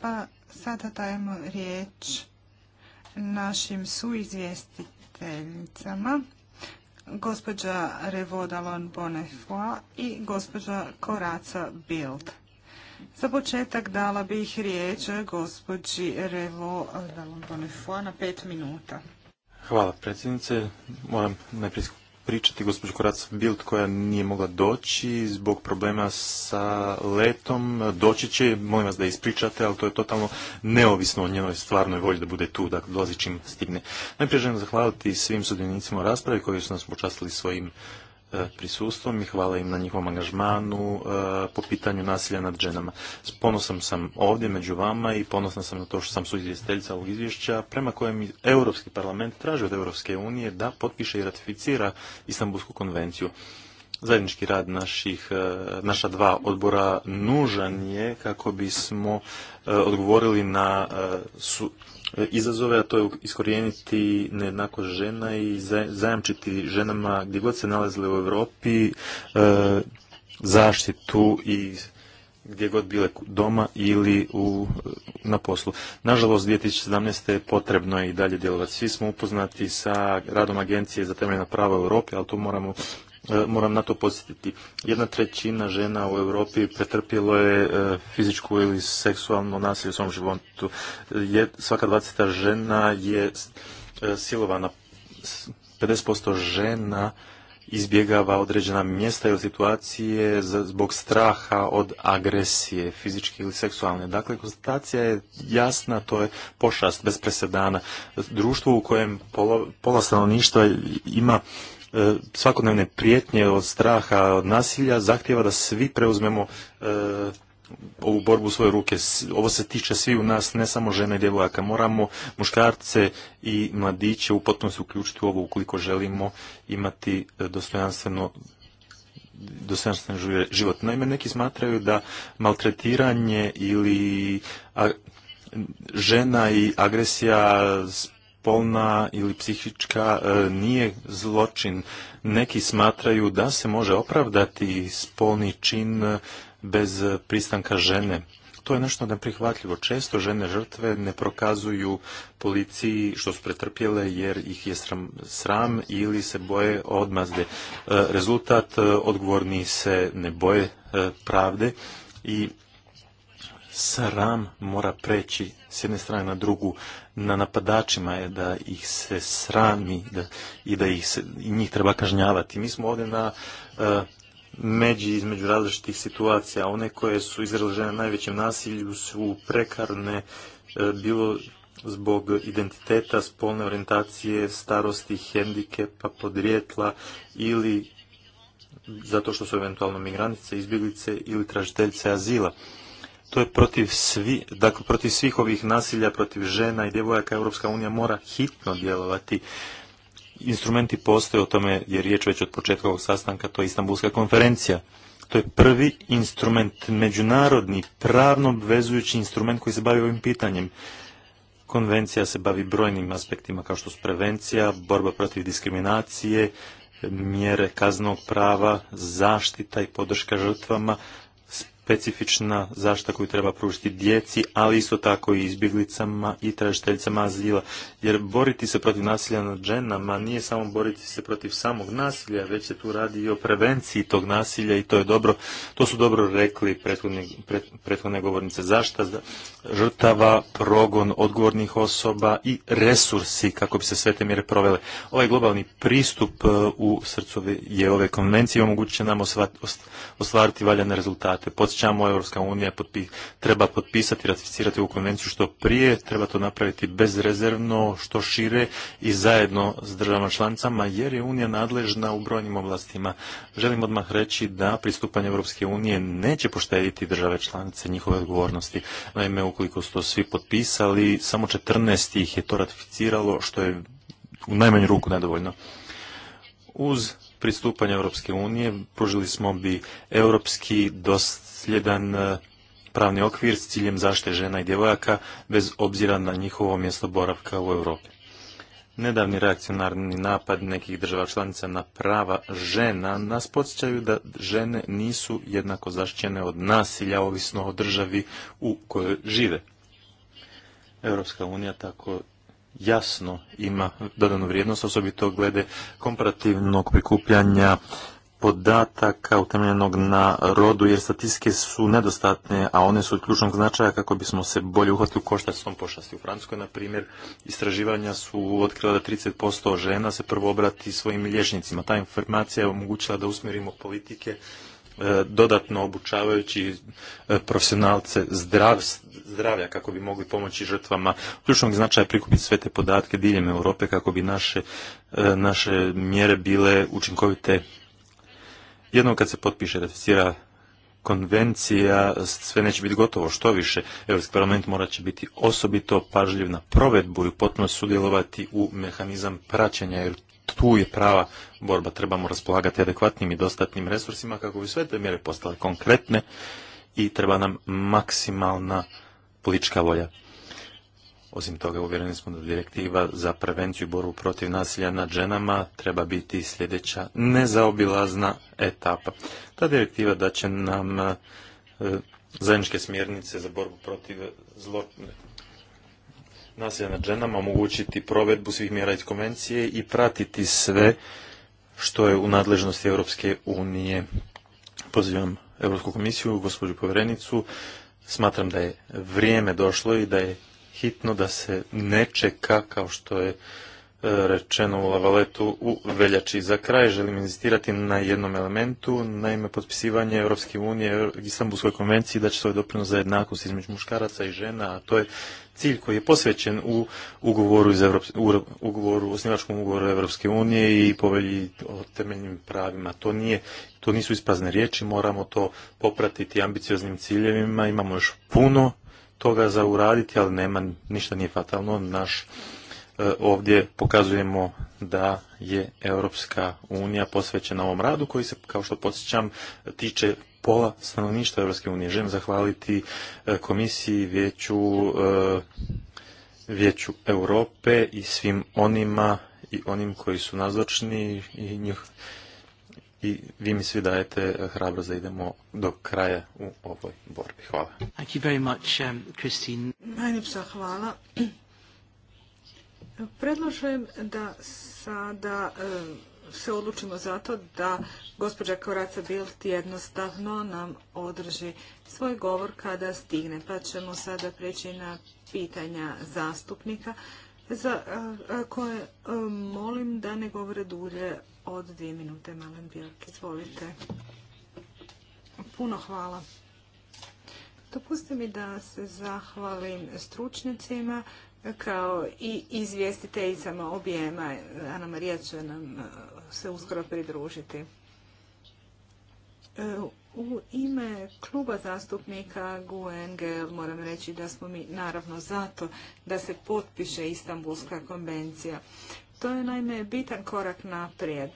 Pa sada dajemo riječ našim suizvjestiteljicama, gospođa Revodalon Bonefoy i gospođa Koraca Bild. Za početak dala bih riječ gospođi Revodalon Bonefoy na pet minuta. Hvala predsjednice. Moram najprije pričati gospođu Korac Bild koja nije mogla doći zbog problema sa letom. Doći će, molim vas da ispričate, ali to je totalno neovisno o njenoj stvarnoj volji da bude tu, da dolazi čim stigne. Najprije želim zahvaliti svim sudionicima u raspravi koji su nas počastili svojim E, prisustvom i hvala im na njihovom angažmanu e, po pitanju nasilja nad ženama. Ponosan sam ovdje među vama i ponosan sam na to što sam suizvjestiteljica ovog izvješća prema kojem Europski parlament traži od Europske unije da potpiše i ratificira Istanbulsku konvenciju zajednički rad naših, e, naša dva odbora nužan je kako bismo e, odgovorili na e, izazove, a to je iskorijeniti nejednakost žena i zajamčiti ženama gdje god se nalazile u Europi zaštitu i gdje god bile doma ili u, na poslu. Nažalost, 2017. je potrebno i dalje djelovati. Svi smo upoznati sa radom Agencije za temeljna prava u Europi, ali tu moramo E, moram na to podsjetiti. Jedna trećina žena u Europi pretrpjelo je e, fizičku ili seksualno nasilje u svom životu. Svaka 20 žena je e, silovana. 50% žena izbjegava određena mjesta ili situacije zbog straha od agresije, fizičke ili seksualne. Dakle, konstatacija je jasna, to je pošast bez presedana. Društvo u kojem pola stanovništva ima E, svakodnevne prijetnje od straha, od nasilja, zahtjeva da svi preuzmemo e, ovu borbu u svoje ruke. Ovo se tiče svi u nas, ne samo žene i djevojaka. Moramo muškarce i mladiće u potpunosti uključiti u ovo ukoliko želimo imati e, dostojanstveno dostojanstven život. Naime, neki smatraju da maltretiranje ili žena i agresija spolna ili psihička e, nije zločin. Neki smatraju da se može opravdati spolni čin e, bez pristanka žene. To je nešto neprihvatljivo. Često žene žrtve ne prokazuju policiji što su pretrpjele jer ih je sram, ili se boje odmazde. E, rezultat odgovorni se ne boje pravde i sram mora preći s jedne strane na drugu. Na napadačima je da ih se srami da, i da ih se, i njih treba kažnjavati. Mi smo ovdje na uh, međi između različitih situacija. One koje su izražene najvećem nasilju su prekarne eh, bilo zbog identiteta, spolne orijentacije, starosti, hendikepa, podrijetla ili zato što su eventualno migrantice, izbjeglice ili tražiteljice azila to je protiv, svi, dakle, protiv svih ovih nasilja, protiv žena i djevojaka Europska unija mora hitno djelovati. Instrumenti postoje, o tome je riječ već od početka ovog sastanka, to je Istanbulska konferencija. To je prvi instrument, međunarodni, pravno obvezujući instrument koji se bavi ovim pitanjem. Konvencija se bavi brojnim aspektima kao što su prevencija, borba protiv diskriminacije, mjere kaznog prava, zaštita i podrška žrtvama, specifična zašta koju treba pružiti djeci, ali isto tako i izbjeglicama i tražiteljicama azila. Jer boriti se protiv nasilja nad ženama nije samo boriti se protiv samog nasilja, već se tu radi i o prevenciji tog nasilja i to je dobro, to su dobro rekli prethodne, prethodne govornice. Zašta žrtava, progon odgovornih osoba i resursi kako bi se sve te mjere provele. Ovaj globalni pristup e, u srcu je ove konvencije omogućit nam ostvariti valjane rezultate. Podsjećam Čemu Evropska unija treba potpisati, i ratificirati ovu konvenciju što prije, treba to napraviti bezrezervno, što šire i zajedno s državama članicama, jer je unija nadležna u brojnim oblastima. Želim odmah reći da pristupanje Evropske unije neće poštediti države članice njihove odgovornosti. Naime, ukoliko su to svi potpisali, samo 14 ih je to ratificiralo, što je u najmanju ruku nedovoljno. Uz pristupanja Europske unije. Pružili smo bi europski dosljedan e, pravni okvir s ciljem zaštite žena i djevojaka bez obzira na njihovo mjesto boravka u Europi. Nedavni reakcionarni napad nekih država članica na prava žena nas podsjećaju da žene nisu jednako zaštićene od nasilja ovisno o državi u kojoj žive. Europska unija tako jasno ima dodanu vrijednost, osobito glede komparativnog prikupljanja podataka utemeljenog na rodu, jer statistike su nedostatne, a one su od ključnog značaja kako bismo se bolje uhvatili u koštac s tom pošasti. U Francuskoj, na primjer, istraživanja su otkrila da 30% žena se prvo obrati svojim liječnicima. Ta informacija je omogućila da usmjerimo politike e, dodatno obučavajući e, profesionalce zdravstva zdravlja kako bi mogli pomoći žrtvama. Ključnog značaja prikupiti sve te podatke diljem Europe kako bi naše, e, naše mjere bile učinkovite. Jednom kad se potpiše, ratificira konvencija, sve neće biti gotovo, što više. Europski parlament morat će biti osobito pažljiv na provedbu i potpuno sudjelovati u mehanizam praćenja, jer tu je prava borba. Trebamo raspolagati adekvatnim i dostatnim resursima kako bi sve te mjere postale konkretne i treba nam maksimalna politička volja. Osim toga, uvjereni smo da direktiva za prevenciju i borbu protiv nasilja nad ženama treba biti sljedeća nezaobilazna etapa. Ta direktiva da će nam e, zajedničke smjernice za borbu protiv nasilja nad ženama omogućiti provedbu svih mjera iz konvencije i pratiti sve što je u nadležnosti Europske unije. Pozivam Europsku komisiju, gospođu povjerenicu, Smatram da je vrijeme došlo i da je hitno da se ne čeka kao što je e, rečeno u Lavaletu u veljači. Za kraj želim inzistirati na jednom elementu, naime potpisivanje Europske unije Istanbulskoj konvenciji da će svoj doprinos za jednakost između muškaraca i žena, a to je cilj koji je posvećen u ugovoru, iz ugovoru osnivačkom ugovoru Evropske unije i povelji o temeljnim pravima. To, nije, to nisu isprazne riječi, moramo to popratiti ambicioznim ciljevima, imamo još puno toga za uraditi, ali nema, ništa nije fatalno. Naš e, ovdje pokazujemo da je Europska unija posvećena ovom radu koji se, kao što podsjećam, tiče pola stanovništva EU Želim zahvaliti e, komisiji, vijeću, e, vijeću Europe i svim onima i onim koji su nazočni i njih i vi mi svi dajete hrabrost da idemo do kraja u ovoj borbi. Hvala. Um, hvala. Predlažem da sada se odlučimo za to da gospođa Koraca Bilt jednostavno nam održi svoj govor kada stigne. Pa ćemo sada preći na pitanja zastupnika za koje molim da ne govore dulje od dvije minute. Malen Bjelk, izvolite. Puno hvala. Dopustite mi da se zahvalim stručnjacima kao i izvjestiteljicama objema. Ana Marija će nam se uskoro pridružiti. E, u ime kluba zastupnika GUNGL e moram reći da smo mi naravno zato da se potpiše Istanbulska konvencija. To je naime bitan korak naprijed.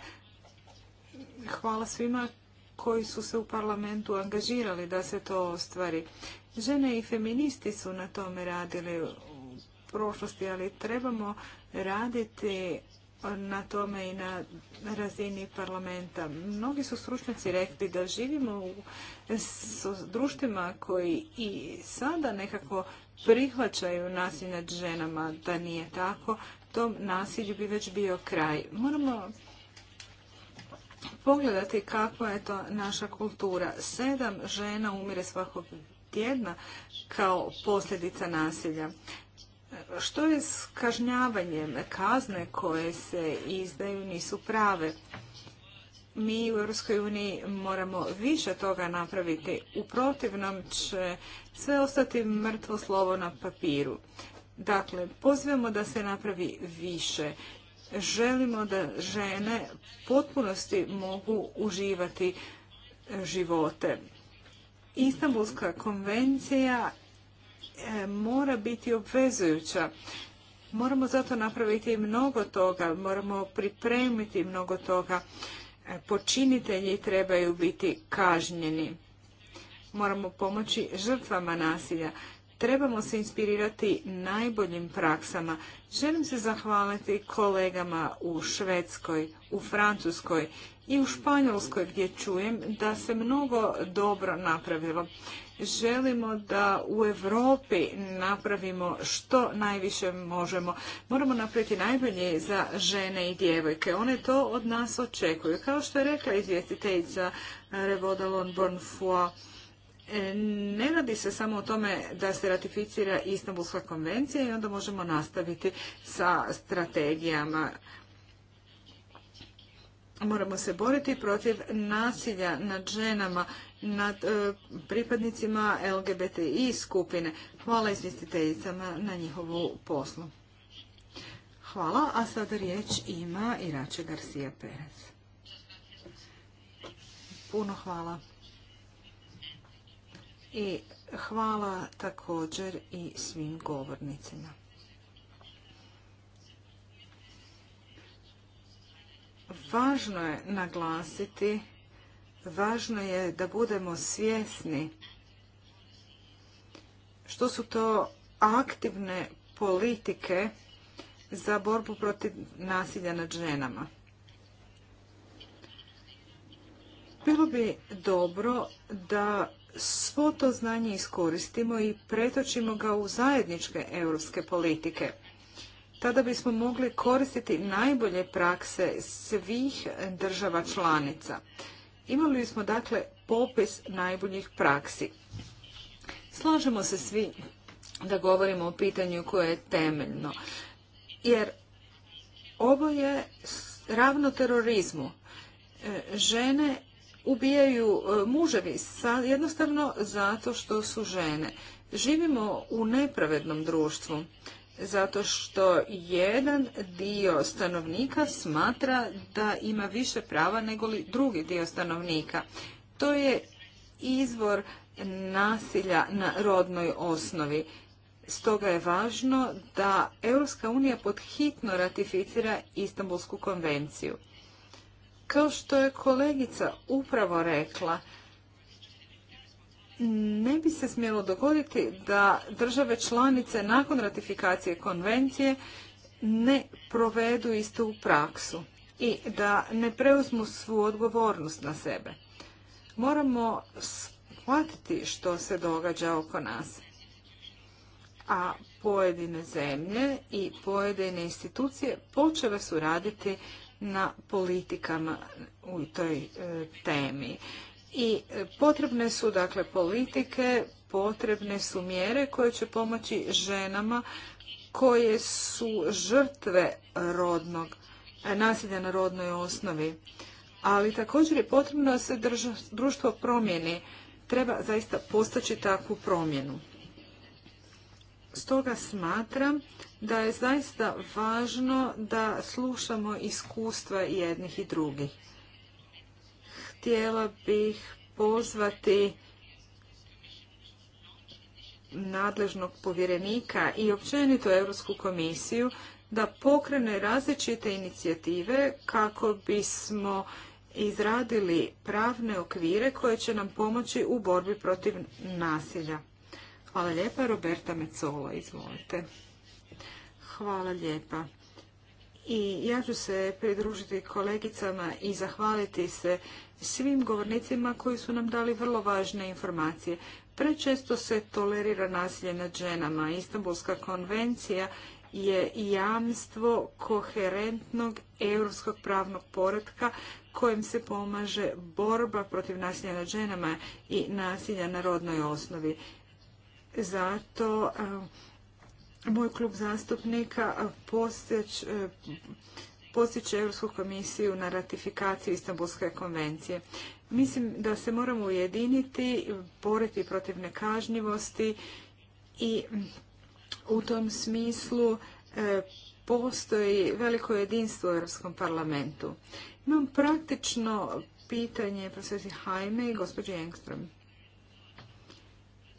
Hvala svima koji su se u parlamentu angažirali da se to ostvari. Žene i feministi su na tome radili u prošlosti, ali trebamo raditi na tome i na razini parlamenta. Mnogi su stručnjaci rekli da živimo u društvima koji i sada nekako prihvaćaju nasilje nad ženama, da nije tako, tom nasilju bi već bio kraj. Moramo pogledati kakva je to naša kultura. Sedam žena umire svakog tjedna kao posljedica nasilja. Što je s kažnjavanjem? Kazne koje se izdaju nisu prave. Mi u EU moramo više toga napraviti. U protivnom će sve ostati mrtvo slovo na papiru. Dakle, pozivamo da se napravi više. Želimo da žene potpunosti mogu uživati živote. Istanbulska konvencija E, mora biti obvezujuća. Moramo zato napraviti mnogo toga, moramo pripremiti mnogo toga. E, počinitelji trebaju biti kažnjeni. Moramo pomoći žrtvama nasilja. Trebamo se inspirirati najboljim praksama. Želim se zahvaliti kolegama u Švedskoj, u Francuskoj i u Španjolskoj gdje čujem da se mnogo dobro napravilo želimo da u Europi napravimo što najviše možemo. Moramo napraviti najbolje za žene i djevojke. One to od nas očekuju. Kao što je rekla izvjestiteljica Revodalon Bonfoy, e, ne radi se samo o tome da se ratificira Istanbulska konvencija i onda možemo nastaviti sa strategijama moramo se boriti protiv nasilja nad ženama, nad e, pripadnicima pripadnicima LGBTI skupine. Hvala izvjestiteljicama na njihovu poslu. Hvala, a sada riječ ima Irače Garcia Perez. Puno hvala. I hvala također i svim govornicima. Važno je naglasiti, važno je da budemo svjesni što su to aktivne politike za borbu protiv nasilja nad ženama. Bilo bi dobro da svo to znanje iskoristimo i pretočimo ga u zajedničke europske politike tada bismo mogli koristiti najbolje prakse svih država članica. Imali bismo dakle popis najboljih praksi. Slažemo se svi da govorimo o pitanju koje je temeljno, jer ovo je ravno terorizmu. E, žene ubijaju e, muževi jednostavno zato što su žene. Živimo u nepravednom društvu zato što jedan dio stanovnika smatra da ima više prava nego li drugi dio stanovnika. To je izvor nasilja na rodnoj osnovi. Stoga je važno da Europska unija podhitno ratificira Istanbulsku konvenciju. Kao što je kolegica upravo rekla, ne bi se smjelo dogoditi da države članice nakon ratifikacije konvencije ne provedu istu praksu i da ne preuzmu svu odgovornost na sebe. Moramo shvatiti što se događa oko nas. A pojedine zemlje i pojedine institucije počele su raditi na politikama u toj e, temi. I e, potrebne su dakle politike, potrebne su mjere koje će pomoći ženama koje su žrtve rodnog e, nasilja na rodnoj osnovi. Ali također je potrebno da se društvo promijeni. Treba zaista postaći takvu promjenu. Stoga smatram da je zaista važno da slušamo iskustva jednih i drugih htjela bih pozvati nadležnog povjerenika i općenito Europsku komisiju da pokrene različite inicijative kako bismo izradili pravne okvire koje će nam pomoći u borbi protiv nasilja. Hvala lijepa. Roberta Mecola, izvolite. Hvala lijepa. I ja ću se pridružiti kolegicama i zahvaliti se svim govornicima koji su nam dali vrlo važne informacije. Prečesto se tolerira nasilje nad ženama. Istanbulska konvencija je jamstvo koherentnog europskog pravnog poretka kojim se pomaže borba protiv nasilja nad ženama i nasilja na rodnoj osnovi. Zato eh, moj klub zastupnika eh, posteć eh, postići Europsku komisiju na ratifikaciju Istanbulske konvencije. Mislim da se moramo ujediniti, boriti protiv nekažnjivosti i u tom smislu e, postoji veliko jedinstvo u Europskom parlamentu. Imam praktično pitanje profesori Hajme i gospođi Engström.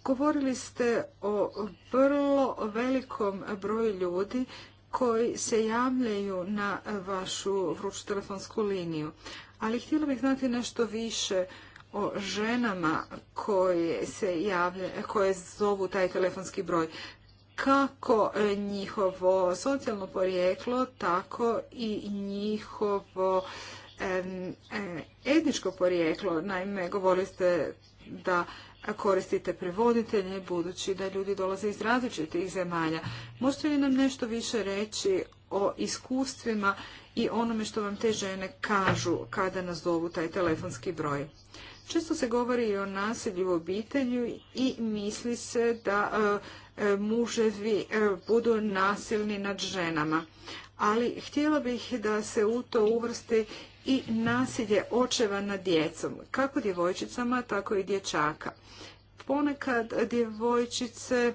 Govorili ste o vrlo velikom broju ljudi koji se javljaju na vašu vruću telefonsku liniju. Ali htjela bih znati nešto više o ženama koje se koje zovu taj telefonski broj. Kako njihovo socijalno porijeklo, tako i njihovo e, etničko porijeklo. Naime, govorili ste da koristite prevoditelje, budući da ljudi dolaze iz različitih zemalja. Možete li nam nešto više reći o iskustvima i onome što vam te žene kažu kada nas zovu taj telefonski broj? Često se govori o nasilju u obitelju i misli se da e, e, muževi e, budu nasilni nad ženama. Ali htjela bih da se u to uvrsti i nasilje očeva nad djecom, kako djevojčicama, tako i dječaka. Ponekad djevojčice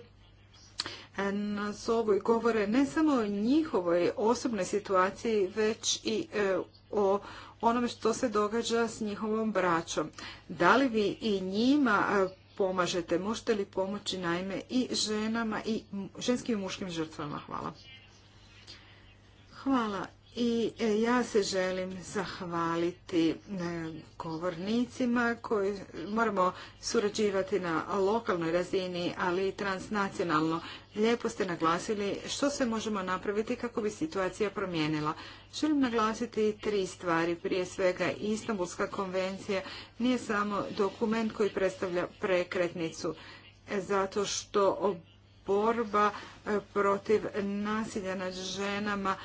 e, nazovu i govore ne samo o njihovoj osobnoj situaciji, već i e, o onome što se događa s njihovom braćom. Da li vi i njima e, pomažete? Možete li pomoći naime i ženama i ženskim i muškim žrtvama? Hvala. Hvala. I e, ja se želim zahvaliti e, govornicima koji moramo surađivati na lokalnoj razini, ali i transnacionalno. Lijepo ste naglasili što se možemo napraviti kako bi situacija promijenila. Želim naglasiti tri stvari. Prije svega, Istanbulska konvencija nije samo dokument koji predstavlja prekretnicu, e, zato što borba protiv nasilja nad ženama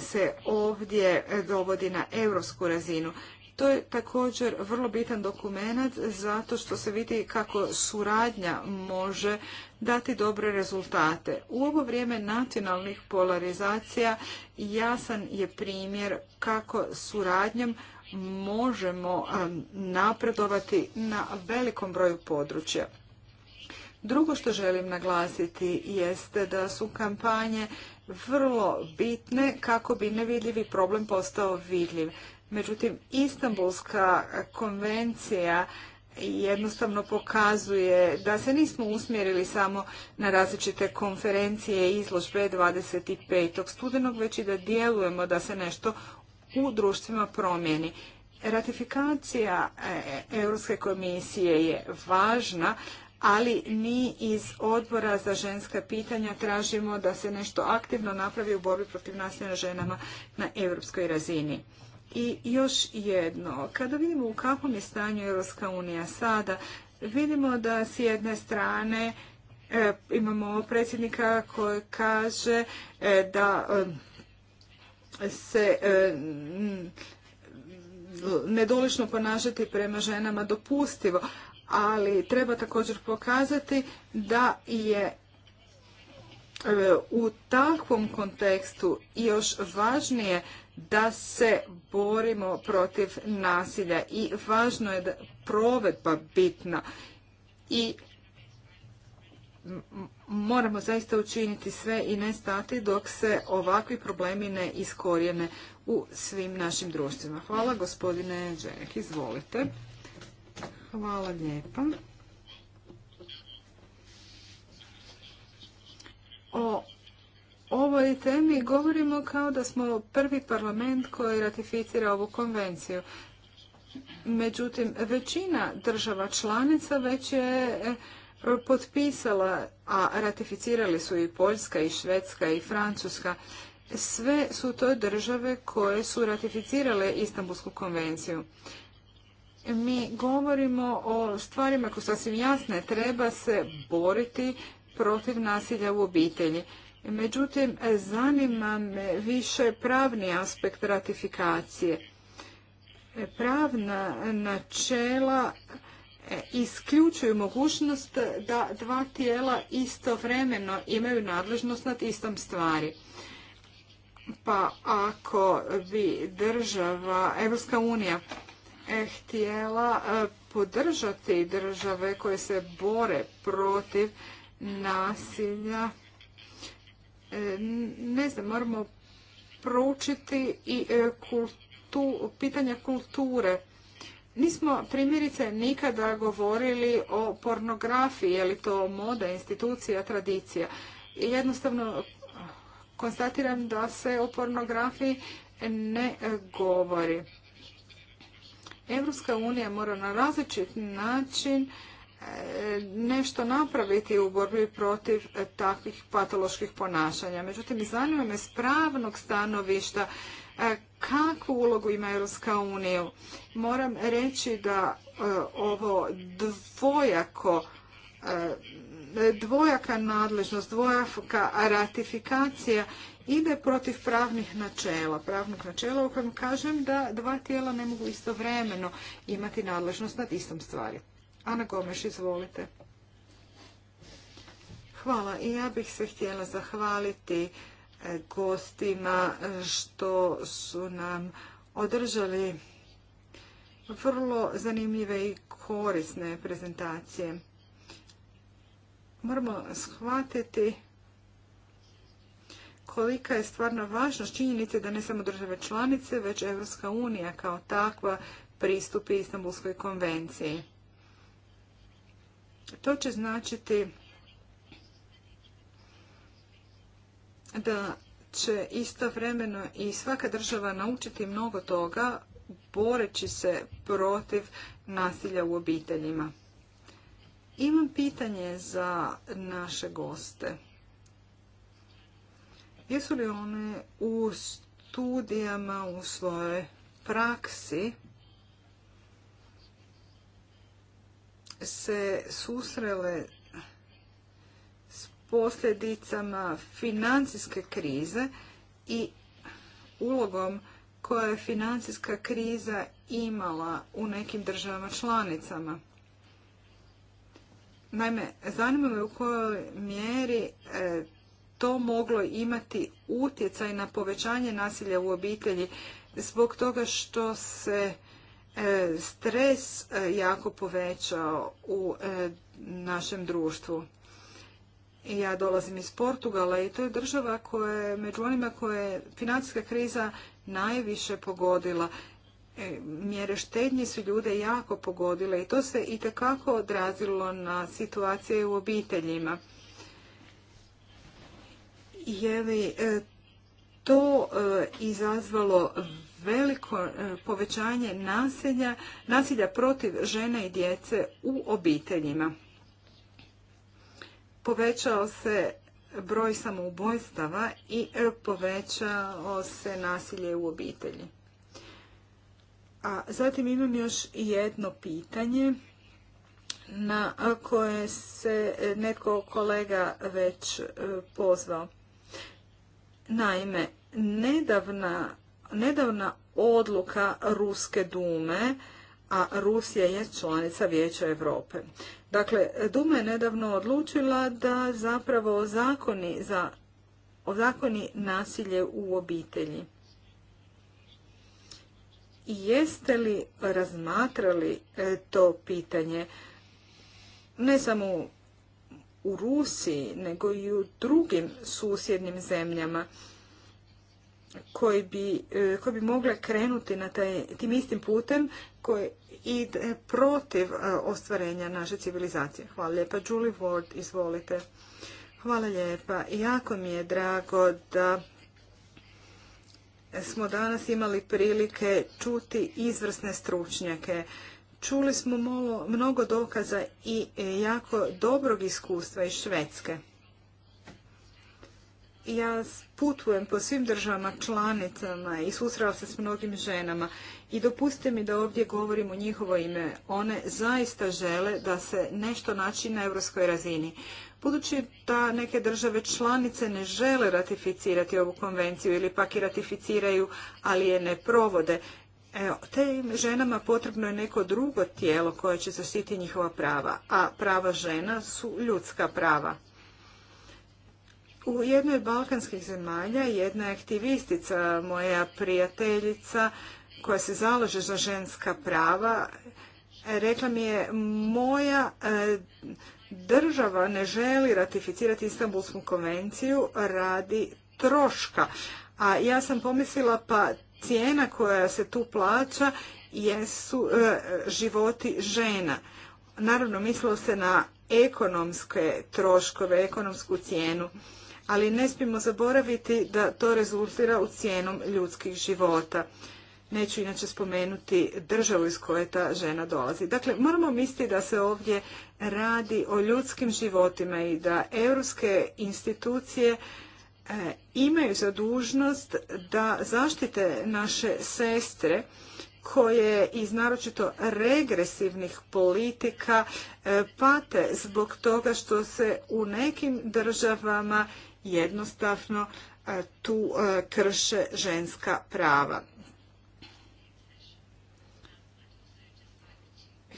se ovdje dovodi na europsku razinu. To je također vrlo bitan dokument zato što se vidi kako suradnja može dati dobre rezultate. U ovo vrijeme nacionalnih polarizacija jasan je primjer kako suradnjom možemo napredovati na velikom broju područja. Drugo što želim naglasiti jeste da su kampanje vrlo bitne kako bi nevidljivi problem postao vidljiv. Međutim, Istanbulska konvencija jednostavno pokazuje da se nismo usmjerili samo na različite konferencije i izložbe 25. studenog, već i da djelujemo da se nešto u društvima promijeni. Ratifikacija e, Europske komisije je važna ali mi iz odbora za ženska pitanja tražimo da se nešto aktivno napravi u borbi protiv nasilja na ženama na europskoj razini. I još jedno, kada vidimo u kakvom je stanju Europska unija sada, vidimo da s jedne strane e, imamo predsjednika koji kaže e, da e, se nedolično ponašati prema ženama dopustivo, ali treba također pokazati da je e, u takvom kontekstu još važnije da se borimo protiv nasilja i važno je da provedba bitna i moramo zaista učiniti sve i ne stati dok se ovakvi problemi ne iskorijene u svim našim društvima. Hvala gospodine Đerek, izvolite. Hvala lijepa. O ovoj temi govorimo kao da smo prvi parlament koji ratificira ovu konvenciju. Međutim, većina država članica već je e, potpisala, a ratificirali su i Poljska, i Švedska, i Francuska. Sve su to države koje su ratificirale Istanbulsku konvenciju mi govorimo o stvarima koje sasvim jasne. Treba se boriti protiv nasilja u obitelji. Međutim, zanima me više pravni aspekt ratifikacije. Pravna načela e, isključuju mogućnost da dva tijela istovremeno imaju nadležnost nad istom stvari. Pa ako bi država, Evropska unija, Eh, htjela eh, podržati države koje se bore protiv nasilja. Eh, ne znam, moramo proučiti i tu pitanja kulture. Nismo primjerice nikada govorili o pornografiji, je li to moda, institucija, tradicija. Jednostavno konstatiram da se o pornografiji ne govori. Evropska unija mora na različit način e, nešto napraviti u borbi protiv e, takvih patoloških ponašanja. Međutim, zanima me s pravnog stanovišta e, kakvu ulogu ima Evropska unija. Moram reći da ovo dvojako dvojaka nadležnost, dvojaka ratifikacija ide protiv pravnih načela, Pravnih načela u kojem kažem da dva tijela ne mogu istovremeno imati nadležnost nad istom stvari. Ana Gomeš, izvolite. Hvala i ja bih se htjela zahvaliti e, gostima što su nam održali vrlo zanimljive i korisne prezentacije. Moramo shvatiti kolika je stvarna važnost činjenice da ne samo države članice, već Europska unija kao takva pristupi Istanbulskoj konvenciji. To će značiti da će istovremeno i svaka država naučiti mnogo toga boreći se protiv nasilja u obiteljima. Imam pitanje za naše goste. Jesu li one u studijama, u svojoj praksi se susrele s posljedicama financijske krize i ulogom koja je financijska kriza imala u nekim državama članicama. Naime, zanima me u kojoj mjeri e, to moglo imati utjecaj na povećanje nasilja u obitelji zbog toga što se e, stres e, jako povećao u e, našem društvu. Ja dolazim iz Portugala i to je država koja je među onima koje je financijska kriza najviše pogodila. Mjere štednje su ljude jako pogodile i to se i odrazilo na situacije u obiteljima je li e, to e, izazvalo veliko e, povećanje nasilja, protiv žena i djece u obiteljima. Povećao se broj samoubojstava i povećao se nasilje u obitelji. A zatim imam još jedno pitanje na koje se netko kolega već pozvao. Naime, nedavna, odluka Ruske dume, a Rusija je članica Vijeća Europe. Dakle, Duma je nedavno odlučila da zapravo zakoni za zakoni nasilje u obitelji. I jeste li razmatrali e, to pitanje ne samo u Rusiji, nego i u drugim susjednim zemljama koji bi, e, mogle krenuti na tim istim putem koji ide protiv e, ostvarenja naše civilizacije. Hvala lijepa. Julie Ward, izvolite. Hvala lijepa. Jako mi je drago da smo danas imali prilike čuti izvrsne stručnjake. Čuli smo malo, mnogo dokaza i e, jako dobrog iskustva iz Švedske. Ja putujem po svim državama članicama i susrela se s mnogim ženama i dopustite mi da ovdje govorim u njihovo ime. One zaista žele da se nešto naći na europskoj razini. Budući da neke države članice ne žele ratificirati ovu konvenciju ili pak i ratificiraju, ali je ne provode, Evo, tim ženama potrebno je neko drugo tijelo koje će zaštiti njihova prava, a prava žena su ljudska prava. U jednoj od balkanskih zemalja jedna je aktivistica, moja prijateljica koja se zalaže za ženska prava, rekla mi je moja e, država ne želi ratificirati Istanbulsku konvenciju radi troška. A ja sam pomislila pa cijena koja se tu plaća jesu e, životi žena. Naravno, mislilo se na ekonomske troškove, ekonomsku cijenu, ali ne smijemo zaboraviti da to rezultira u cijenom ljudskih života. Neću inače spomenuti državu iz koje ta žena dolazi. Dakle, moramo misliti da se ovdje radi o ljudskim životima i da europske institucije E, imaju za dužnost da zaštite naše sestre koje iz naročito regresivnih politika e, pate zbog toga što se u nekim državama jednostavno e, tu krše ženska prava.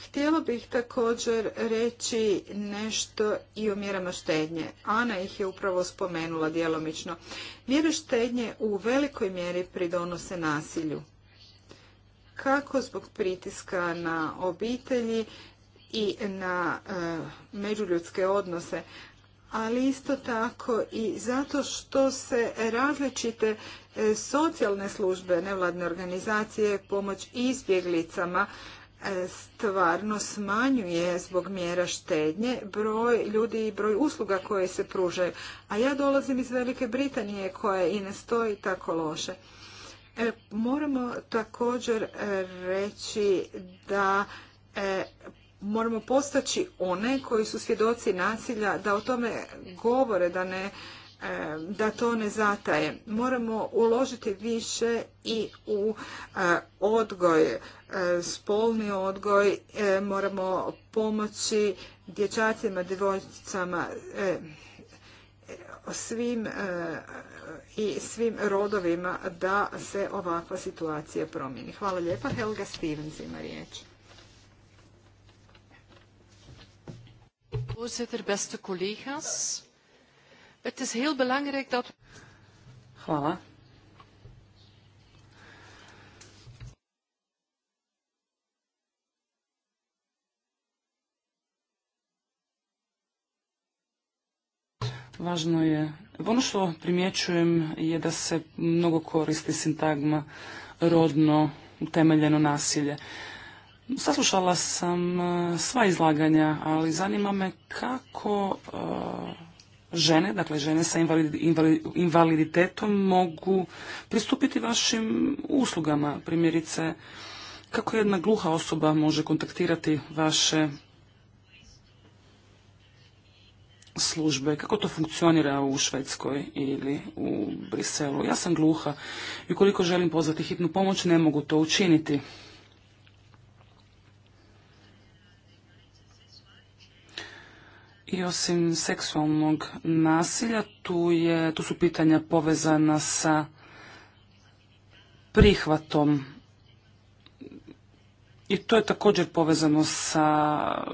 Htjela bih također reći nešto i o mjerama štednje. Ana ih je upravo spomenula djelomično. Mjere štednje u velikoj mjeri pridonose nasilju. Kako zbog pritiska na obitelji i na e, međuljudske odnose, ali isto tako i zato što se različite e, socijalne službe, nevladne organizacije, pomoć izbjeglicama stvarno smanjuje zbog mjera štednje broj ljudi i broj usluga koje se pružaju. A ja dolazim iz Velike Britanije koja i ne stoji tako loše. E, moramo također e, reći da e, moramo postaći one koji su svjedoci nasilja da o tome govore, da ne E, da to ne zataje. Moramo uložiti više i u e, odgoj, e, spolni odgoj, moramo pomoći dječacima, djevojčicama, svim i svim rodovima da se ovakva situacija promijeni. Hvala lijepa. Helga Stevens ima riječ. Het is heel belangrijk dat... Hvala. Važno je, ono što primjećujem je da se mnogo koristi sintagma rodno utemeljeno nasilje. Saslušala sam eh, sva izlaganja, ali zanima me kako eh, žene, dakle žene sa invaliditetom mogu pristupiti vašim uslugama. Primjerice, kako jedna gluha osoba može kontaktirati vaše službe, kako to funkcionira u Švedskoj ili u Briselu. Ja sam gluha i ukoliko želim pozvati hitnu pomoć ne mogu to učiniti. I osim seksualnog nasilja, tu, je, tu su pitanja povezana sa prihvatom. I to je također povezano sa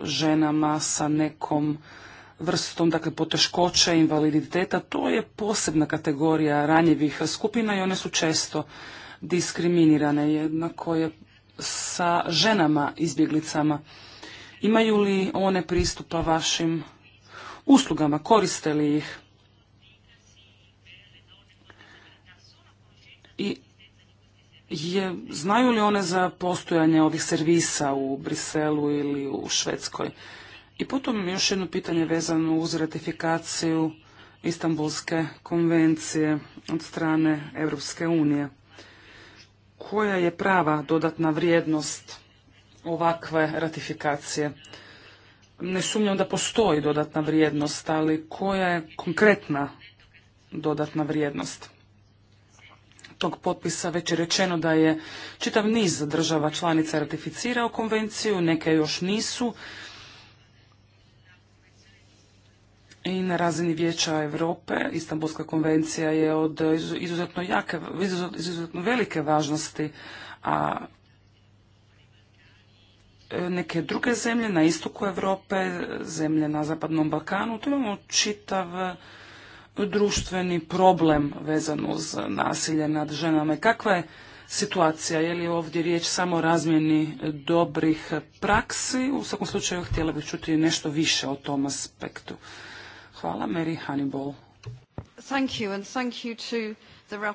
ženama, sa nekom vrstom dakle, poteškoća, invaliditeta. To je posebna kategorija ranjivih skupina i one su često diskriminirane. Jednako je sa ženama izbjeglicama. Imaju li one pristupa vašim uslugama, koriste li ih. I je, znaju li one za postojanje ovih servisa u Briselu ili u Švedskoj? I potom još jedno pitanje vezano uz ratifikaciju Istanbulske konvencije od strane Europske unije. Koja je prava dodatna vrijednost ovakve ratifikacije? ne sumnjam da postoji dodatna vrijednost, ali koja je konkretna dodatna vrijednost tog potpisa već je rečeno da je čitav niz država članica ratificirao konvenciju, neke još nisu. I na razini Vijeća Europe Istanbulska konvencija je od izuzetno jake, izuzetno velike važnosti, a neke druge zemlje na istoku Europe, zemlje na zapadnom Balkanu. Tu imamo čitav e, društveni problem vezan uz nasilje nad ženama. kakva je situacija? Je li ovdje riječ samo o razmjeni dobrih praksi? U svakom slučaju htjela bih čuti nešto više o tom aspektu. Hvala, Mary Hannibal. Thank you and thank you to the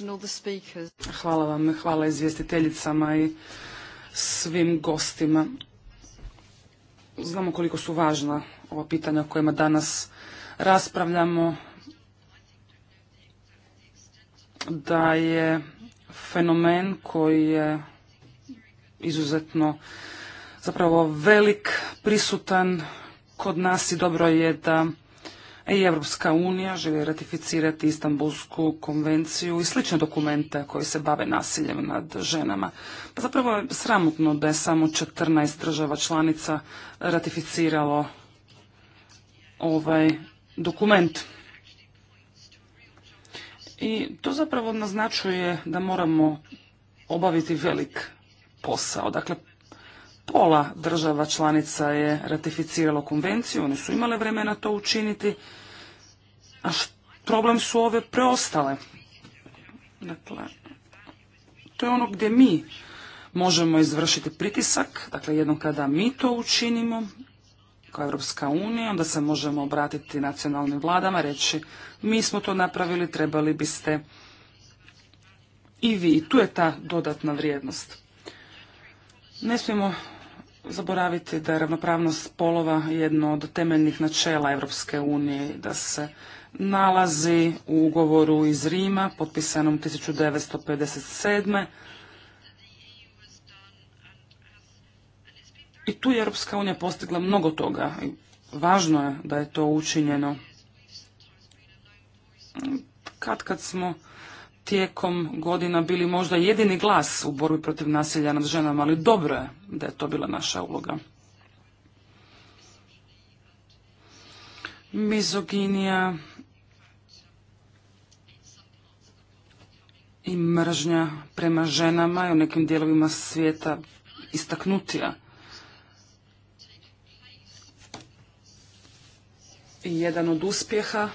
and all the speakers. Hvala vam, hvala izvjestiteljicama i svim gostima. Znamo koliko su važna ova pitanja o kojima danas raspravljamo, da je fenomen koji je izuzetno zapravo velik, prisutan kod nas i dobro je da i Evropska unija želi ratificirati Istanbulsku konvenciju i slične dokumente koji se bave nasiljem nad ženama. Pa zapravo je sramotno da je samo 14 država članica ratificiralo ovaj dokument. I to zapravo naznačuje da moramo obaviti velik posao. Dakle, Pola država članica je ratificiralo konvenciju, one su imale vremena to učiniti, a problem su ove preostale. Dakle, to je ono gdje mi možemo izvršiti pritisak, dakle jednom kada mi to učinimo, kao Europska unija, onda se možemo obratiti nacionalnim vladama, reći mi smo to napravili, trebali biste i vi. Tu je ta dodatna vrijednost. Ne smijemo zaboraviti da je ravnopravnost spolova jedno od temeljnih načela Europske unije, da se nalazi u ugovoru iz Rima, potpisanom 1957. I tu je Europska unija postigla mnogo toga. Važno je da je to učinjeno. Kad kad smo tijekom godina bili možda jedini glas u borbi protiv nasilja nad ženama, ali dobro je da je to bila naša uloga. Mizoginija i mržnja prema ženama i u nekim dijelovima svijeta istaknutija. I jedan od uspjeha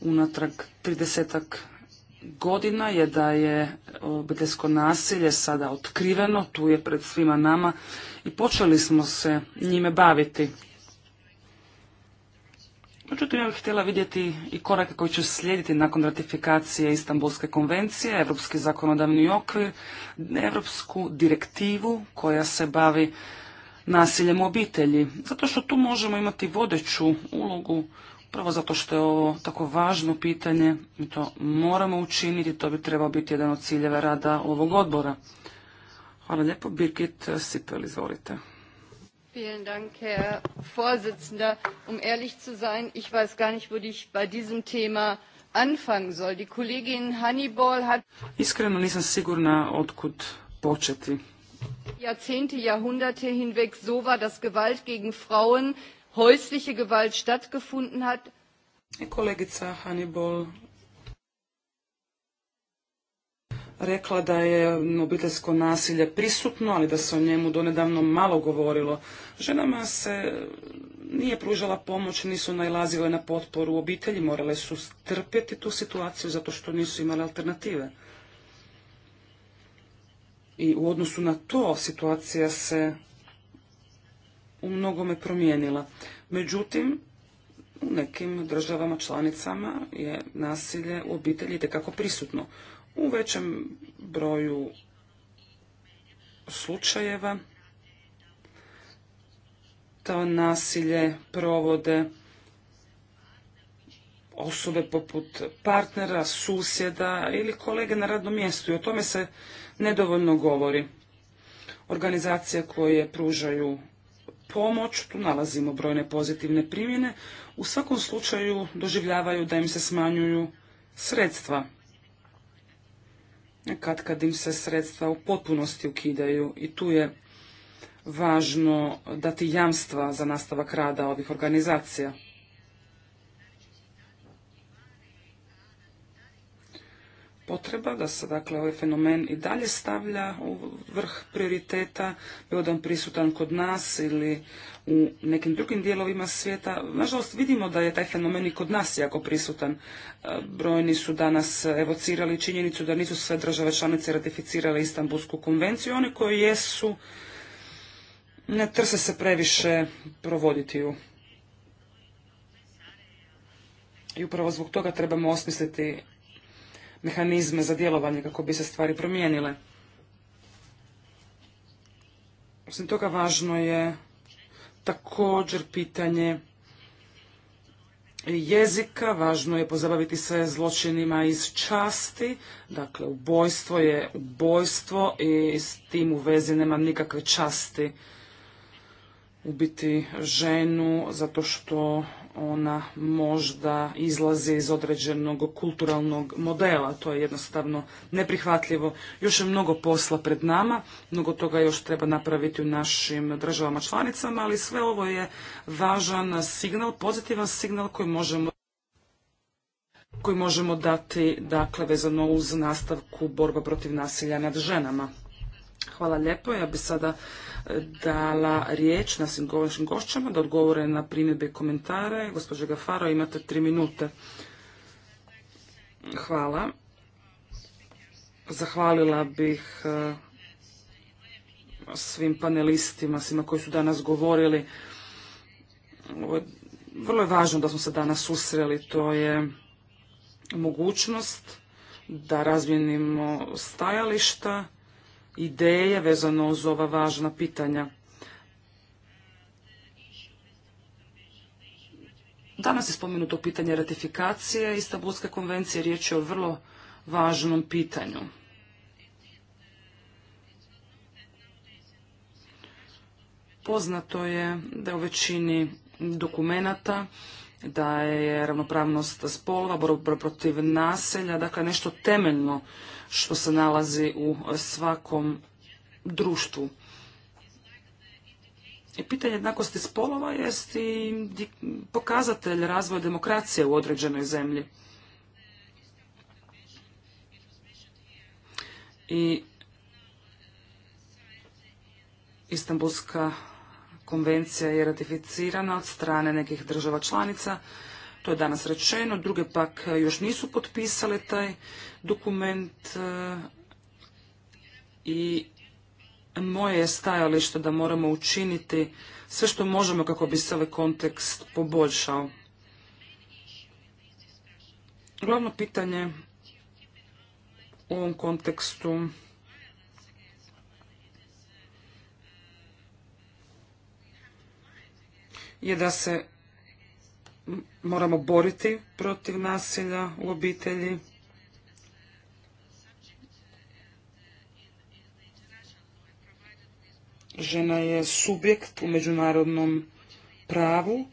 unatrag tridesetak godina je da je obiteljsko nasilje sada otkriveno, tu je pred svima nama i počeli smo se njime baviti. Međutim, ja bih htjela vidjeti i korake koji će slijediti nakon ratifikacije Istanbulske konvencije, Europski zakonodavni okvir, Europsku direktivu koja se bavi nasiljem u obitelji. Zato što tu možemo imati vodeću ulogu Prvo zato što je ovo tako važno pitanje, mi to moramo učiniti, to bi trebao biti jedan od ciljeva rada ovog odbora. Hvala lijepo, Birgit Sipel, izvolite. Vielen Dank, Herr Vorsitzender. Um ehrlich zu sein, ich weiß gar nicht, wo ich bei diesem Thema anfangen soll. Die Kollegin Hannibal hat... Iskreno nisam sigurna otkud početi. Jahrzehnte, Jahrhunderte hinweg so war, dass Gewalt gegen Frauen häusliche Gewalt stattgefunden hat. Kolegica Hannibal rekla da je obiteljsko nasilje prisutno, ali da se o njemu donedavno malo govorilo. Ženama se nije pružala pomoć, nisu najlazile na potporu obitelji, morale su strpjeti tu situaciju zato što nisu imale alternative. I u odnosu na to situacija se u mnogome promijenila. Međutim, u nekim državama članicama je nasilje u obitelji itekako prisutno. U većem broju slučajeva to nasilje provode osobe poput partnera, susjeda ili kolege na radnom mjestu i o tome se nedovoljno govori. Organizacije koje pružaju pomoć, tu nalazimo brojne pozitivne primjene, u svakom slučaju doživljavaju da im se smanjuju sredstva. Kad kad im se sredstva u potpunosti ukidaju i tu je važno dati jamstva za nastavak rada ovih organizacija. potreba da se dakle ovaj fenomen i dalje stavlja u vrh prioriteta, bio da on prisutan kod nas ili u nekim drugim dijelovima svijeta. Nažalost vidimo da je taj fenomen i kod nas jako prisutan. E, brojni su danas evocirali činjenicu da nisu sve države članice ratificirale Istanbulsku konvenciju, one koje jesu ne trse se previše provoditi ju. I upravo zbog toga trebamo osmisliti mehanizme za djelovanje kako bi se stvari promijenile. Osim toga važno je također pitanje jezika, važno je pozabaviti se zločinima iz časti, dakle ubojstvo je ubojstvo i s tim u vezi nema nikakve časti ubiti ženu zato što ona možda izlazi iz određenog kulturalnog modela. To je jednostavno neprihvatljivo. Još je mnogo posla pred nama, mnogo toga još treba napraviti u našim državama članicama, ali sve ovo je važan signal, pozitivan signal koji možemo koji možemo dati dakle vezano uz nastavku borba protiv nasilja nad ženama. Hvala lijepo. Ja bi sada e, dala riječ našim govorničkim gošćama da odgovore na primjedbe i komentare. Gospođe Gafaro, imate tri minute. Hvala. Zahvalila bih e, svim panelistima, svima koji su danas govorili. Vrlo je važno da smo se danas susreli. To je mogućnost da razmijenimo stajališta ideje vezano uz ova važna pitanja. Danas je spomenuto pitanje ratifikacije Istanbulske konvencije, riječ je o vrlo važnom pitanju. Poznato je da u većini dokumenata da je ravnopravnost spolova, borba protiv naselja, dakle nešto temeljno što se nalazi u svakom društvu. I pitanje jednakosti spolova jest i pokazatelj razvoja demokracije u određenoj zemlji. I Istanbulska Konvencija je ratificirana od strane nekih država članica, to je danas rečeno, druge pak još nisu potpisale taj dokument e, i moje je stajalište da moramo učiniti sve što možemo kako bi se ovaj kontekst poboljšao. Glavno pitanje u ovom kontekstu je da se moramo boriti protiv nasilja u obitelji. Žena je subjekt u međunarodnom pravu,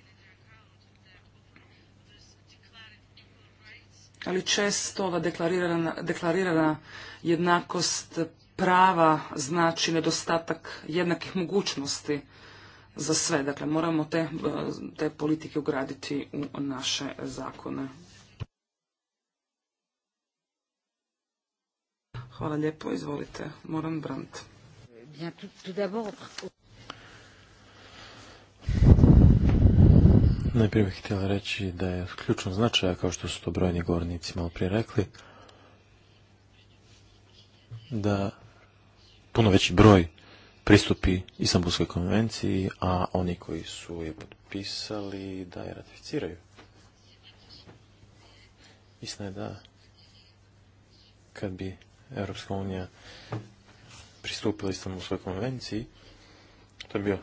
ali često ova deklarirana, deklarirana jednakost prava znači nedostatak jednakih mogućnosti za sve. Dakle, moramo te, eh, te politike ugraditi u naše zakone. Hvala lijepo, izvolite. Moram Najprije bih htjela reći da je ključno značaja, kao što su to brojni govornici malo prije rekli, da puno veći broj pristupi Istanbulskoj konvenciji, a oni koji su je potpisali da je ratificiraju. Istina je da kad bi Europska unija pristupila Istanbulskoj konvenciji, to je bio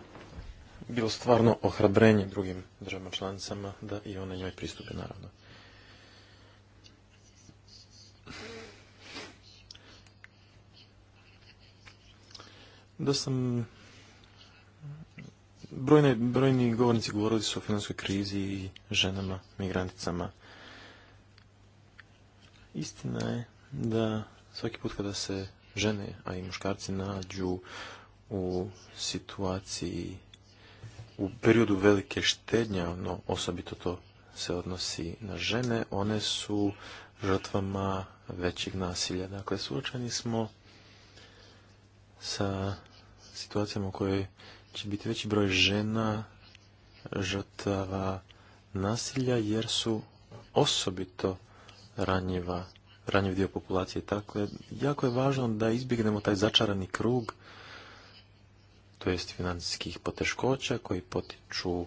bilo stvarno ohrabrenje drugim državama članicama da i one njoj pristupe, naravno. Da sam brojni govornici govorili su o finanskoj krizi i ženama, migranticama. Istina je da svaki put kada se žene, a i muškarci nađu u situaciji u periodu velike štednje, no osobito to se odnosi na žene, one su žrtvama većeg nasilja. Dakle, suočeni smo sa situacijama u kojoj će biti veći broj žena žrtava nasilja jer su osobito ranjiva, ranjiv dio populacije. Dakle, jako je važno da izbjegnemo taj začarani krug, to jest financijskih poteškoća koji potiču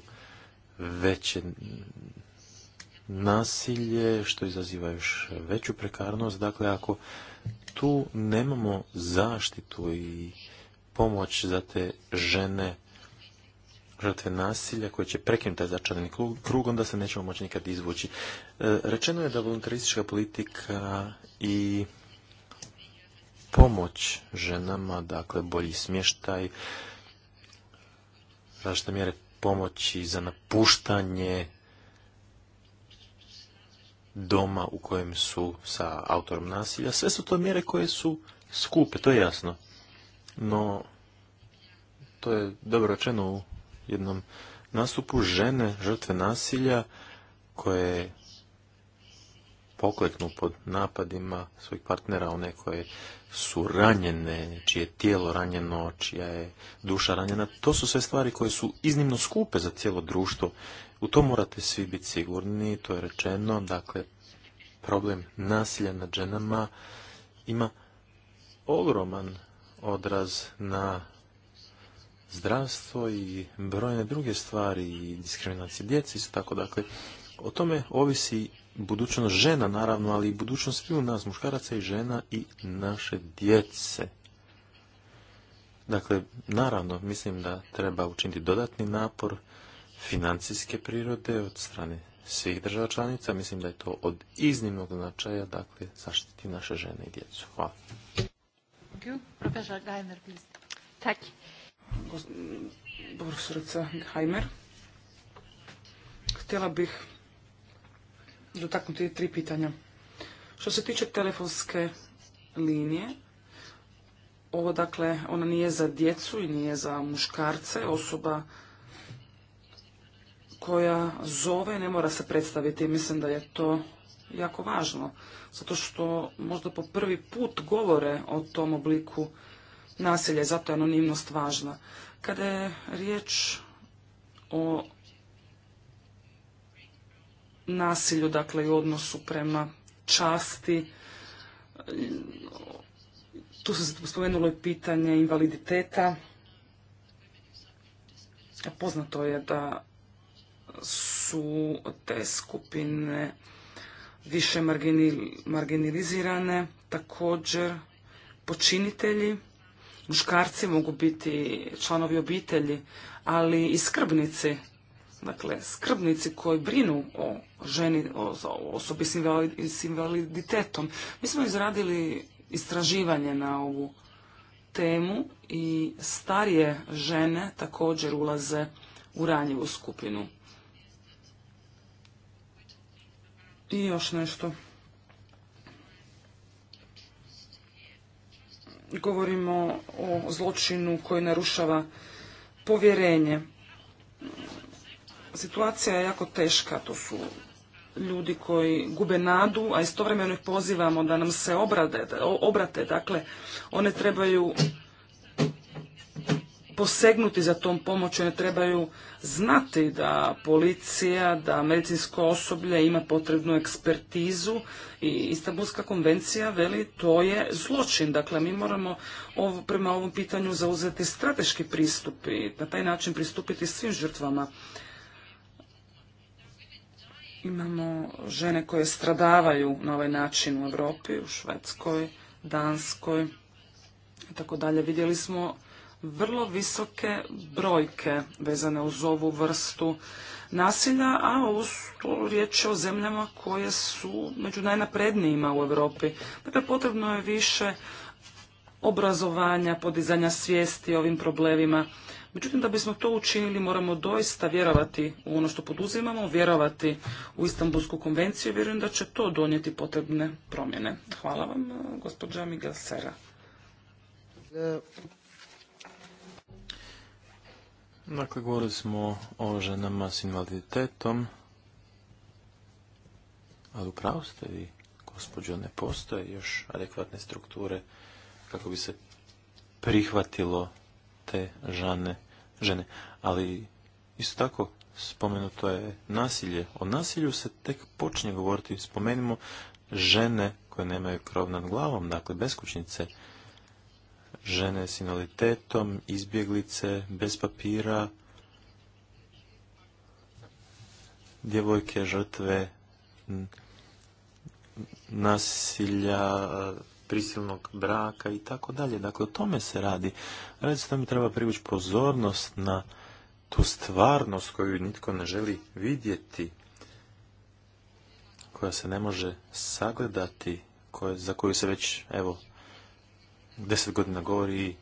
veće nasilje, što izaziva još veću prekarnost. Dakle, ako tu nemamo zaštitu i pomoć za te žene žrtve nasilja koje će prekinuti taj začarani krug, onda se nećemo moći nikad izvući. E, rečeno je da voluntaristička politika i pomoć ženama, dakle bolji smještaj, zašto mjere pomoći za napuštanje doma u kojem su sa autorom nasilja. Sve su to mjere koje su skupe, to je jasno. No, to je dobro rečeno u jednom nastupu. Žene, žrtve nasilja, koje pokleknu pod napadima svojih partnera, one koje su ranjene, čije je tijelo ranjeno, čija je duša ranjena. To su sve stvari koje su iznimno skupe za cijelo društvo. U to morate svi biti sigurni, to je rečeno. Dakle, problem nasilja nad ženama ima ogroman odraz na zdravstvo i brojne druge stvari i diskriminacije djeci. su tako. Dakle, o tome ovisi budućnost žena naravno, ali i budućnost svih nas, muškaraca i žena i naše djece. Dakle, naravno, mislim da treba učiniti dodatni napor financijske prirode od strane svih država članica. Mislim da je to od iznimnog značaja, dakle, zaštiti naše žene i djecu. Hvala. Htjela bih dotaknuti tri pitanja. Što se tiče telefonske linije, ovo dakle, ona nije za djecu i nije za muškarce, osoba koja zove ne mora se predstaviti. Mislim da je to jako važno, zato što možda po prvi put govore o tom obliku nasilja i zato je anonimnost važna. Kada je riječ o nasilju, dakle i odnosu prema časti, tu se spomenulo i pitanje invaliditeta. Poznato je da su te skupine više marginalizirane. Također, počinitelji, muškarci mogu biti članovi obitelji, ali i skrbnici, dakle skrbnici koji brinu o ženi, o osobi s invaliditetom. Mi smo izradili istraživanje na ovu temu i starije žene također ulaze u ranjivu skupinu. I još nešto. Govorimo o zločinu koji narušava povjerenje. Situacija je jako teška, to su ljudi koji gube nadu, a istovremeno ih pozivamo da nam se obrate. Dakle, one trebaju posegnuti za tom pomoću, ne trebaju znati da policija, da medicinsko osoblje ima potrebnu ekspertizu i Istanbulska konvencija veli to je zločin. Dakle, mi moramo ovo, prema ovom pitanju zauzeti strateški pristup i na taj način pristupiti svim žrtvama. Imamo žene koje stradavaju na ovaj način u Europi, u Švedskoj, Danskoj i tako dalje. Vidjeli smo vrlo visoke brojke vezane uz ovu vrstu nasilja, a uz to riječ je o zemljama koje su među najnaprednijima u Europi. Dakle, potrebno je više obrazovanja, podizanja svijesti o ovim problemima. Međutim, da bismo to učinili, moramo doista vjerovati u ono što poduzimamo, vjerovati u Istanbulsku konvenciju i vjerujem da će to donijeti potrebne promjene. Hvala vam, gospođa Miguel e, Dakle, govorili smo o ženama s invaliditetom, ali upravo ste vi, gospođo, ne postoje još adekvatne strukture kako bi se prihvatilo te žene. Ali isto tako spomenuto je nasilje. O nasilju se tek počinje govoriti. Spomenimo žene koje nemaju krov nad glavom, dakle beskućnice žene s invaliditetom, izbjeglice, bez papira, djevojke žrtve nasilja, prisilnog braka i tako dalje. Dakle, o tome se radi. Radi se mi treba privući pozornost na tu stvarnost koju nitko ne želi vidjeti, koja se ne može sagledati, za koju se već, evo, deset godina govori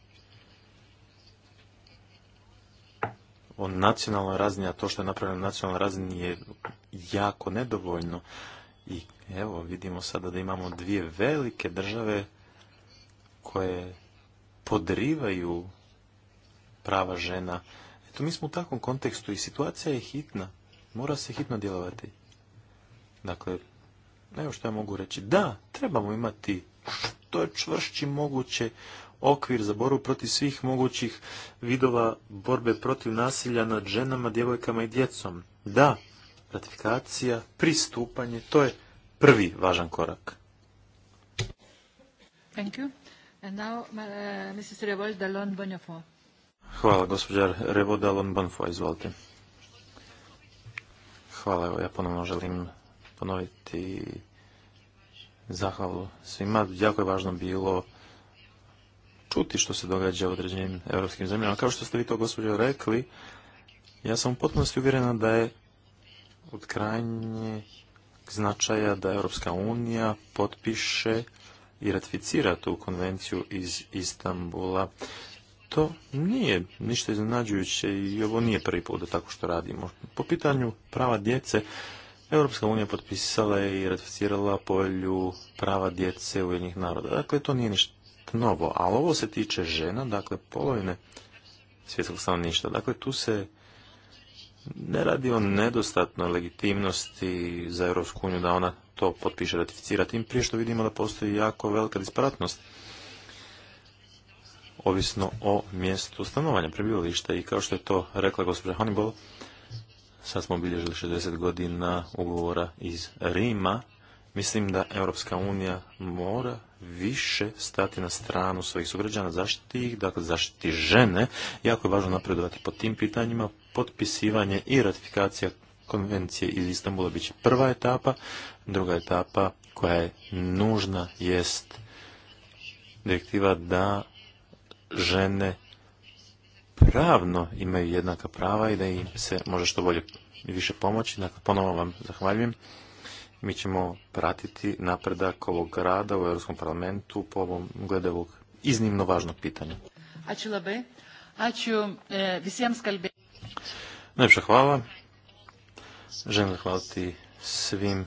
o nacionalnoj razini, a to što je napravljeno na nacionalnoj razini je jako nedovoljno. I evo, vidimo sada da imamo dvije velike države koje podrivaju prava žena. Eto, mi smo u takvom kontekstu i situacija je hitna. Mora se hitno djelovati. Dakle, evo što ja mogu reći. Da, trebamo imati je čvršći moguće okvir za boru protiv svih mogućih vidova borbe protiv nasilja nad ženama, djevojkama i djecom. Da, ratifikacija, pristupanje, to je prvi važan korak. Thank you. And uh, Hvala, gospođa Revolt Dallon Bonfo, izvolite. Hvala, evo ja ponovno želim ponoviti zahvalu svima. Jako je važno bilo čuti što se događa u određenim europskim zemljama. Kao što ste vi to, gospođo, rekli, ja sam u potpunosti uvjerena da je od krajnje značaja da Europska unija potpiše i ratificira tu konvenciju iz Istambula. To nije ništa iznenađujuće i ovo nije prvi put da tako što radimo. Po pitanju prava djece, Europska unija potpisala je i ratificirala polju prava djece Ujedinjenih naroda. Dakle, to nije ništa novo, ali ovo se tiče žena, dakle, polovine svjetskog stanovništva. Dakle, tu se ne radi o nedostatnoj legitimnosti za Europsku uniju da ona to potpiše ratificira, tim prije što vidimo da postoji jako velika disparatnost ovisno o mjestu stanovanja prebivališta i kao što je to rekla gospođa Hannibal, Sad smo obilježili 60 godina ugovora iz Rima. Mislim da Europska unija mora više stati na stranu svojih sugrađana, zaštiti ih, dakle zaštiti žene. Jako je važno napredovati po tim pitanjima. Potpisivanje i ratifikacija konvencije iz Istambula bit će prva etapa. Druga etapa koja je nužna jest direktiva da žene pravno imaju jednaka prava i da im se može što bolje i više pomoći. Dakle, ponovno vam zahvaljujem. Mi ćemo pratiti napredak ovog rada u Europskom parlamentu po ovom glede ovog iznimno važnog pitanja. E, Najljepša hvala. Želim zahvaliti svim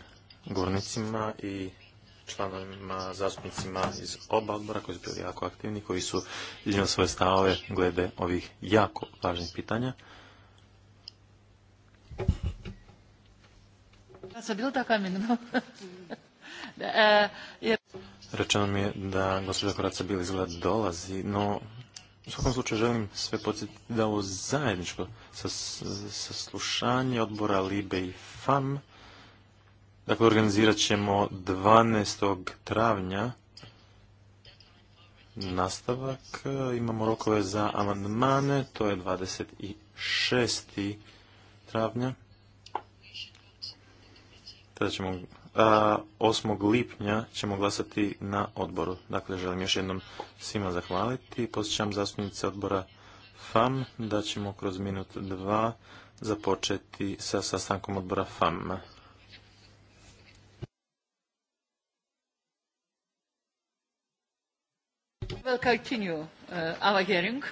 govornicima i članovima, zastupnicima iz oba odbora koji su bili jako aktivni, koji su iznijeli svoje stavove glede ovih jako važnih pitanja. E, Rečeno mi je da gospođa Koraca Bil izgleda dolazi, no u svakom slučaju želim sve podsjetiti da ovo zajedničko saslušanje odbora Libe i FAM Dakle, organizirat ćemo 12. travnja nastavak. Imamo rokove za amandmane, to je 26. travnja. Tada ćemo, a 8. lipnja ćemo glasati na odboru. Dakle, želim još jednom svima zahvaliti. Posjećam zastupnice odbora FAM da ćemo kroz minut dva započeti sa sastankom odbora FAM. Uh,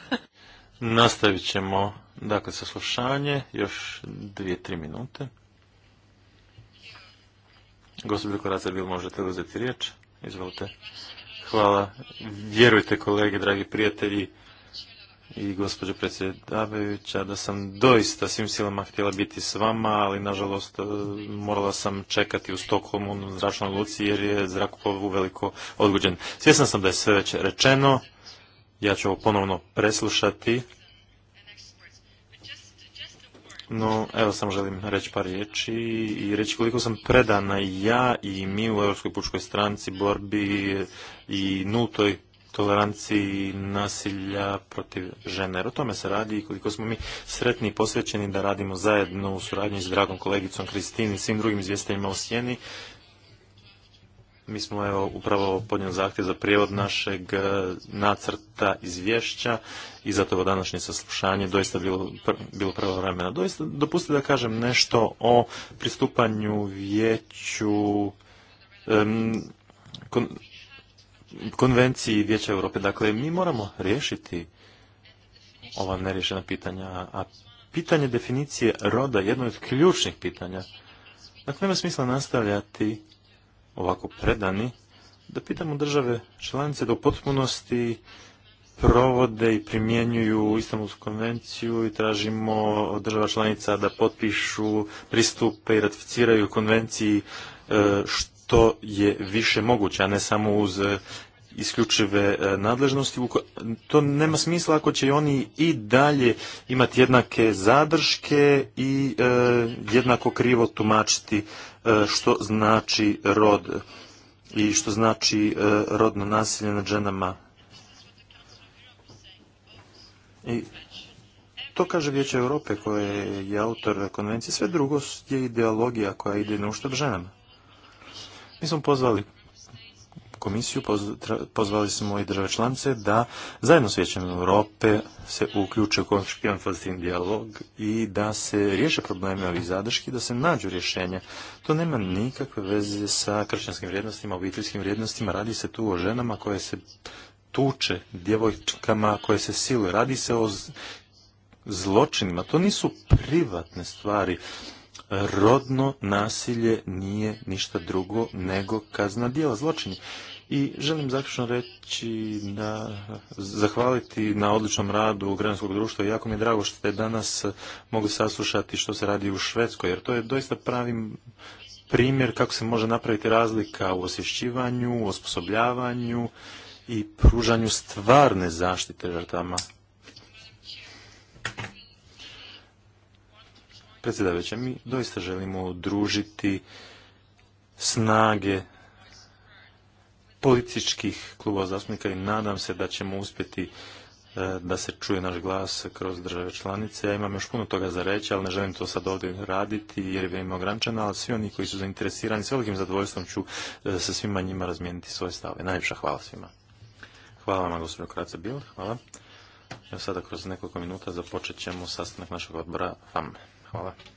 Nastavit ćemo dakle saslušanje još dvije, tri minute. Gospodin Koraca, bil možete uzeti riječ? Izvolite. Hvala. Vjerujte kolege, dragi prijatelji, i gospođo predsjedavajuća da sam doista svim silama htjela biti s vama, ali nažalost e, morala sam čekati u Stokholmu u zračnoj luci jer je zrakoplov uveliko odgođen. Svjesna sam da je sve već rečeno, ja ću ovo ponovno preslušati. No, evo samo želim reći par riječi i reći koliko sam predana ja i mi u Europskoj pučkoj stranci borbi i nutoj, toleranciji nasilja protiv žene. Jer o tome se radi i koliko smo mi sretni i posvećeni da radimo zajedno u suradnji s dragom kolegicom Kristini i svim drugim izvjestiteljima u Sjeni. Mi smo evo upravo podnijeli zahtjev za prijevod našeg e, nacrta izvješća i zato ovo današnje saslušanje doista bilo, pr, bilo pravo vremena. Doista dopustite da kažem nešto o pristupanju vijeću konvenciji Vijeća Europe. Dakle, mi moramo riješiti ova nerješena pitanja, a pitanje definicije roda je jedno od ključnih pitanja. Dakle, nema smisla nastavljati ovako predani, da pitamo države članice da u potpunosti provode i primjenjuju Istanbulsku konvenciju i tražimo od država članica da potpišu, pristupe i ratificiraju konvenciji što e, to je više moguće, a ne samo uz e, isključive e, nadležnosti. To nema smisla ako će oni i dalje imati jednake zadrške i e, jednako krivo tumačiti što znači rod i što znači rodno nasilje nad ženama. I to kaže Vijeće Europe koje je autor konvencije. Sve drugo je ideologija koja ide na uštrb ženama. Mi smo pozvali komisiju, pozvali smo i države članice da zajedno s Vijećem Europe se uključe u konfliktivan dijalog i da se riješe probleme ovih zadrški, da se nađu rješenja. To nema nikakve veze sa kršćanskim vrijednostima, obiteljskim vrijednostima. Radi se tu o ženama koje se tuče, djevojčkama koje se siluje. Radi se o zločinima. To nisu privatne stvari rodno nasilje nije ništa drugo nego kazna djela zločini. I želim zaključno reći da zahvaliti na odličnom radu građanskog društva. Jako mi je drago što ste danas mogli saslušati što se radi u Švedskoj, jer to je doista pravi primjer kako se može napraviti razlika u osješćivanju, osposobljavanju i pružanju stvarne zaštite žrtama predsjedavajuće, mi doista želimo družiti snage političkih klubova zastupnika i nadam se da ćemo uspjeti e, da se čuje naš glas kroz države članice. Ja imam još puno toga za reći, ali ne želim to sad ovdje raditi jer je ima ograničeno, ali svi oni koji su zainteresirani s velikim zadovoljstvom ću e, sa svima njima razmijeniti svoje stave. Najljepša hvala svima. Hvala vam, gospodinu Kraca Bil. Hvala. sada kroz nekoliko minuta započet ćemo sastanak našeg odbora vam. Hvala.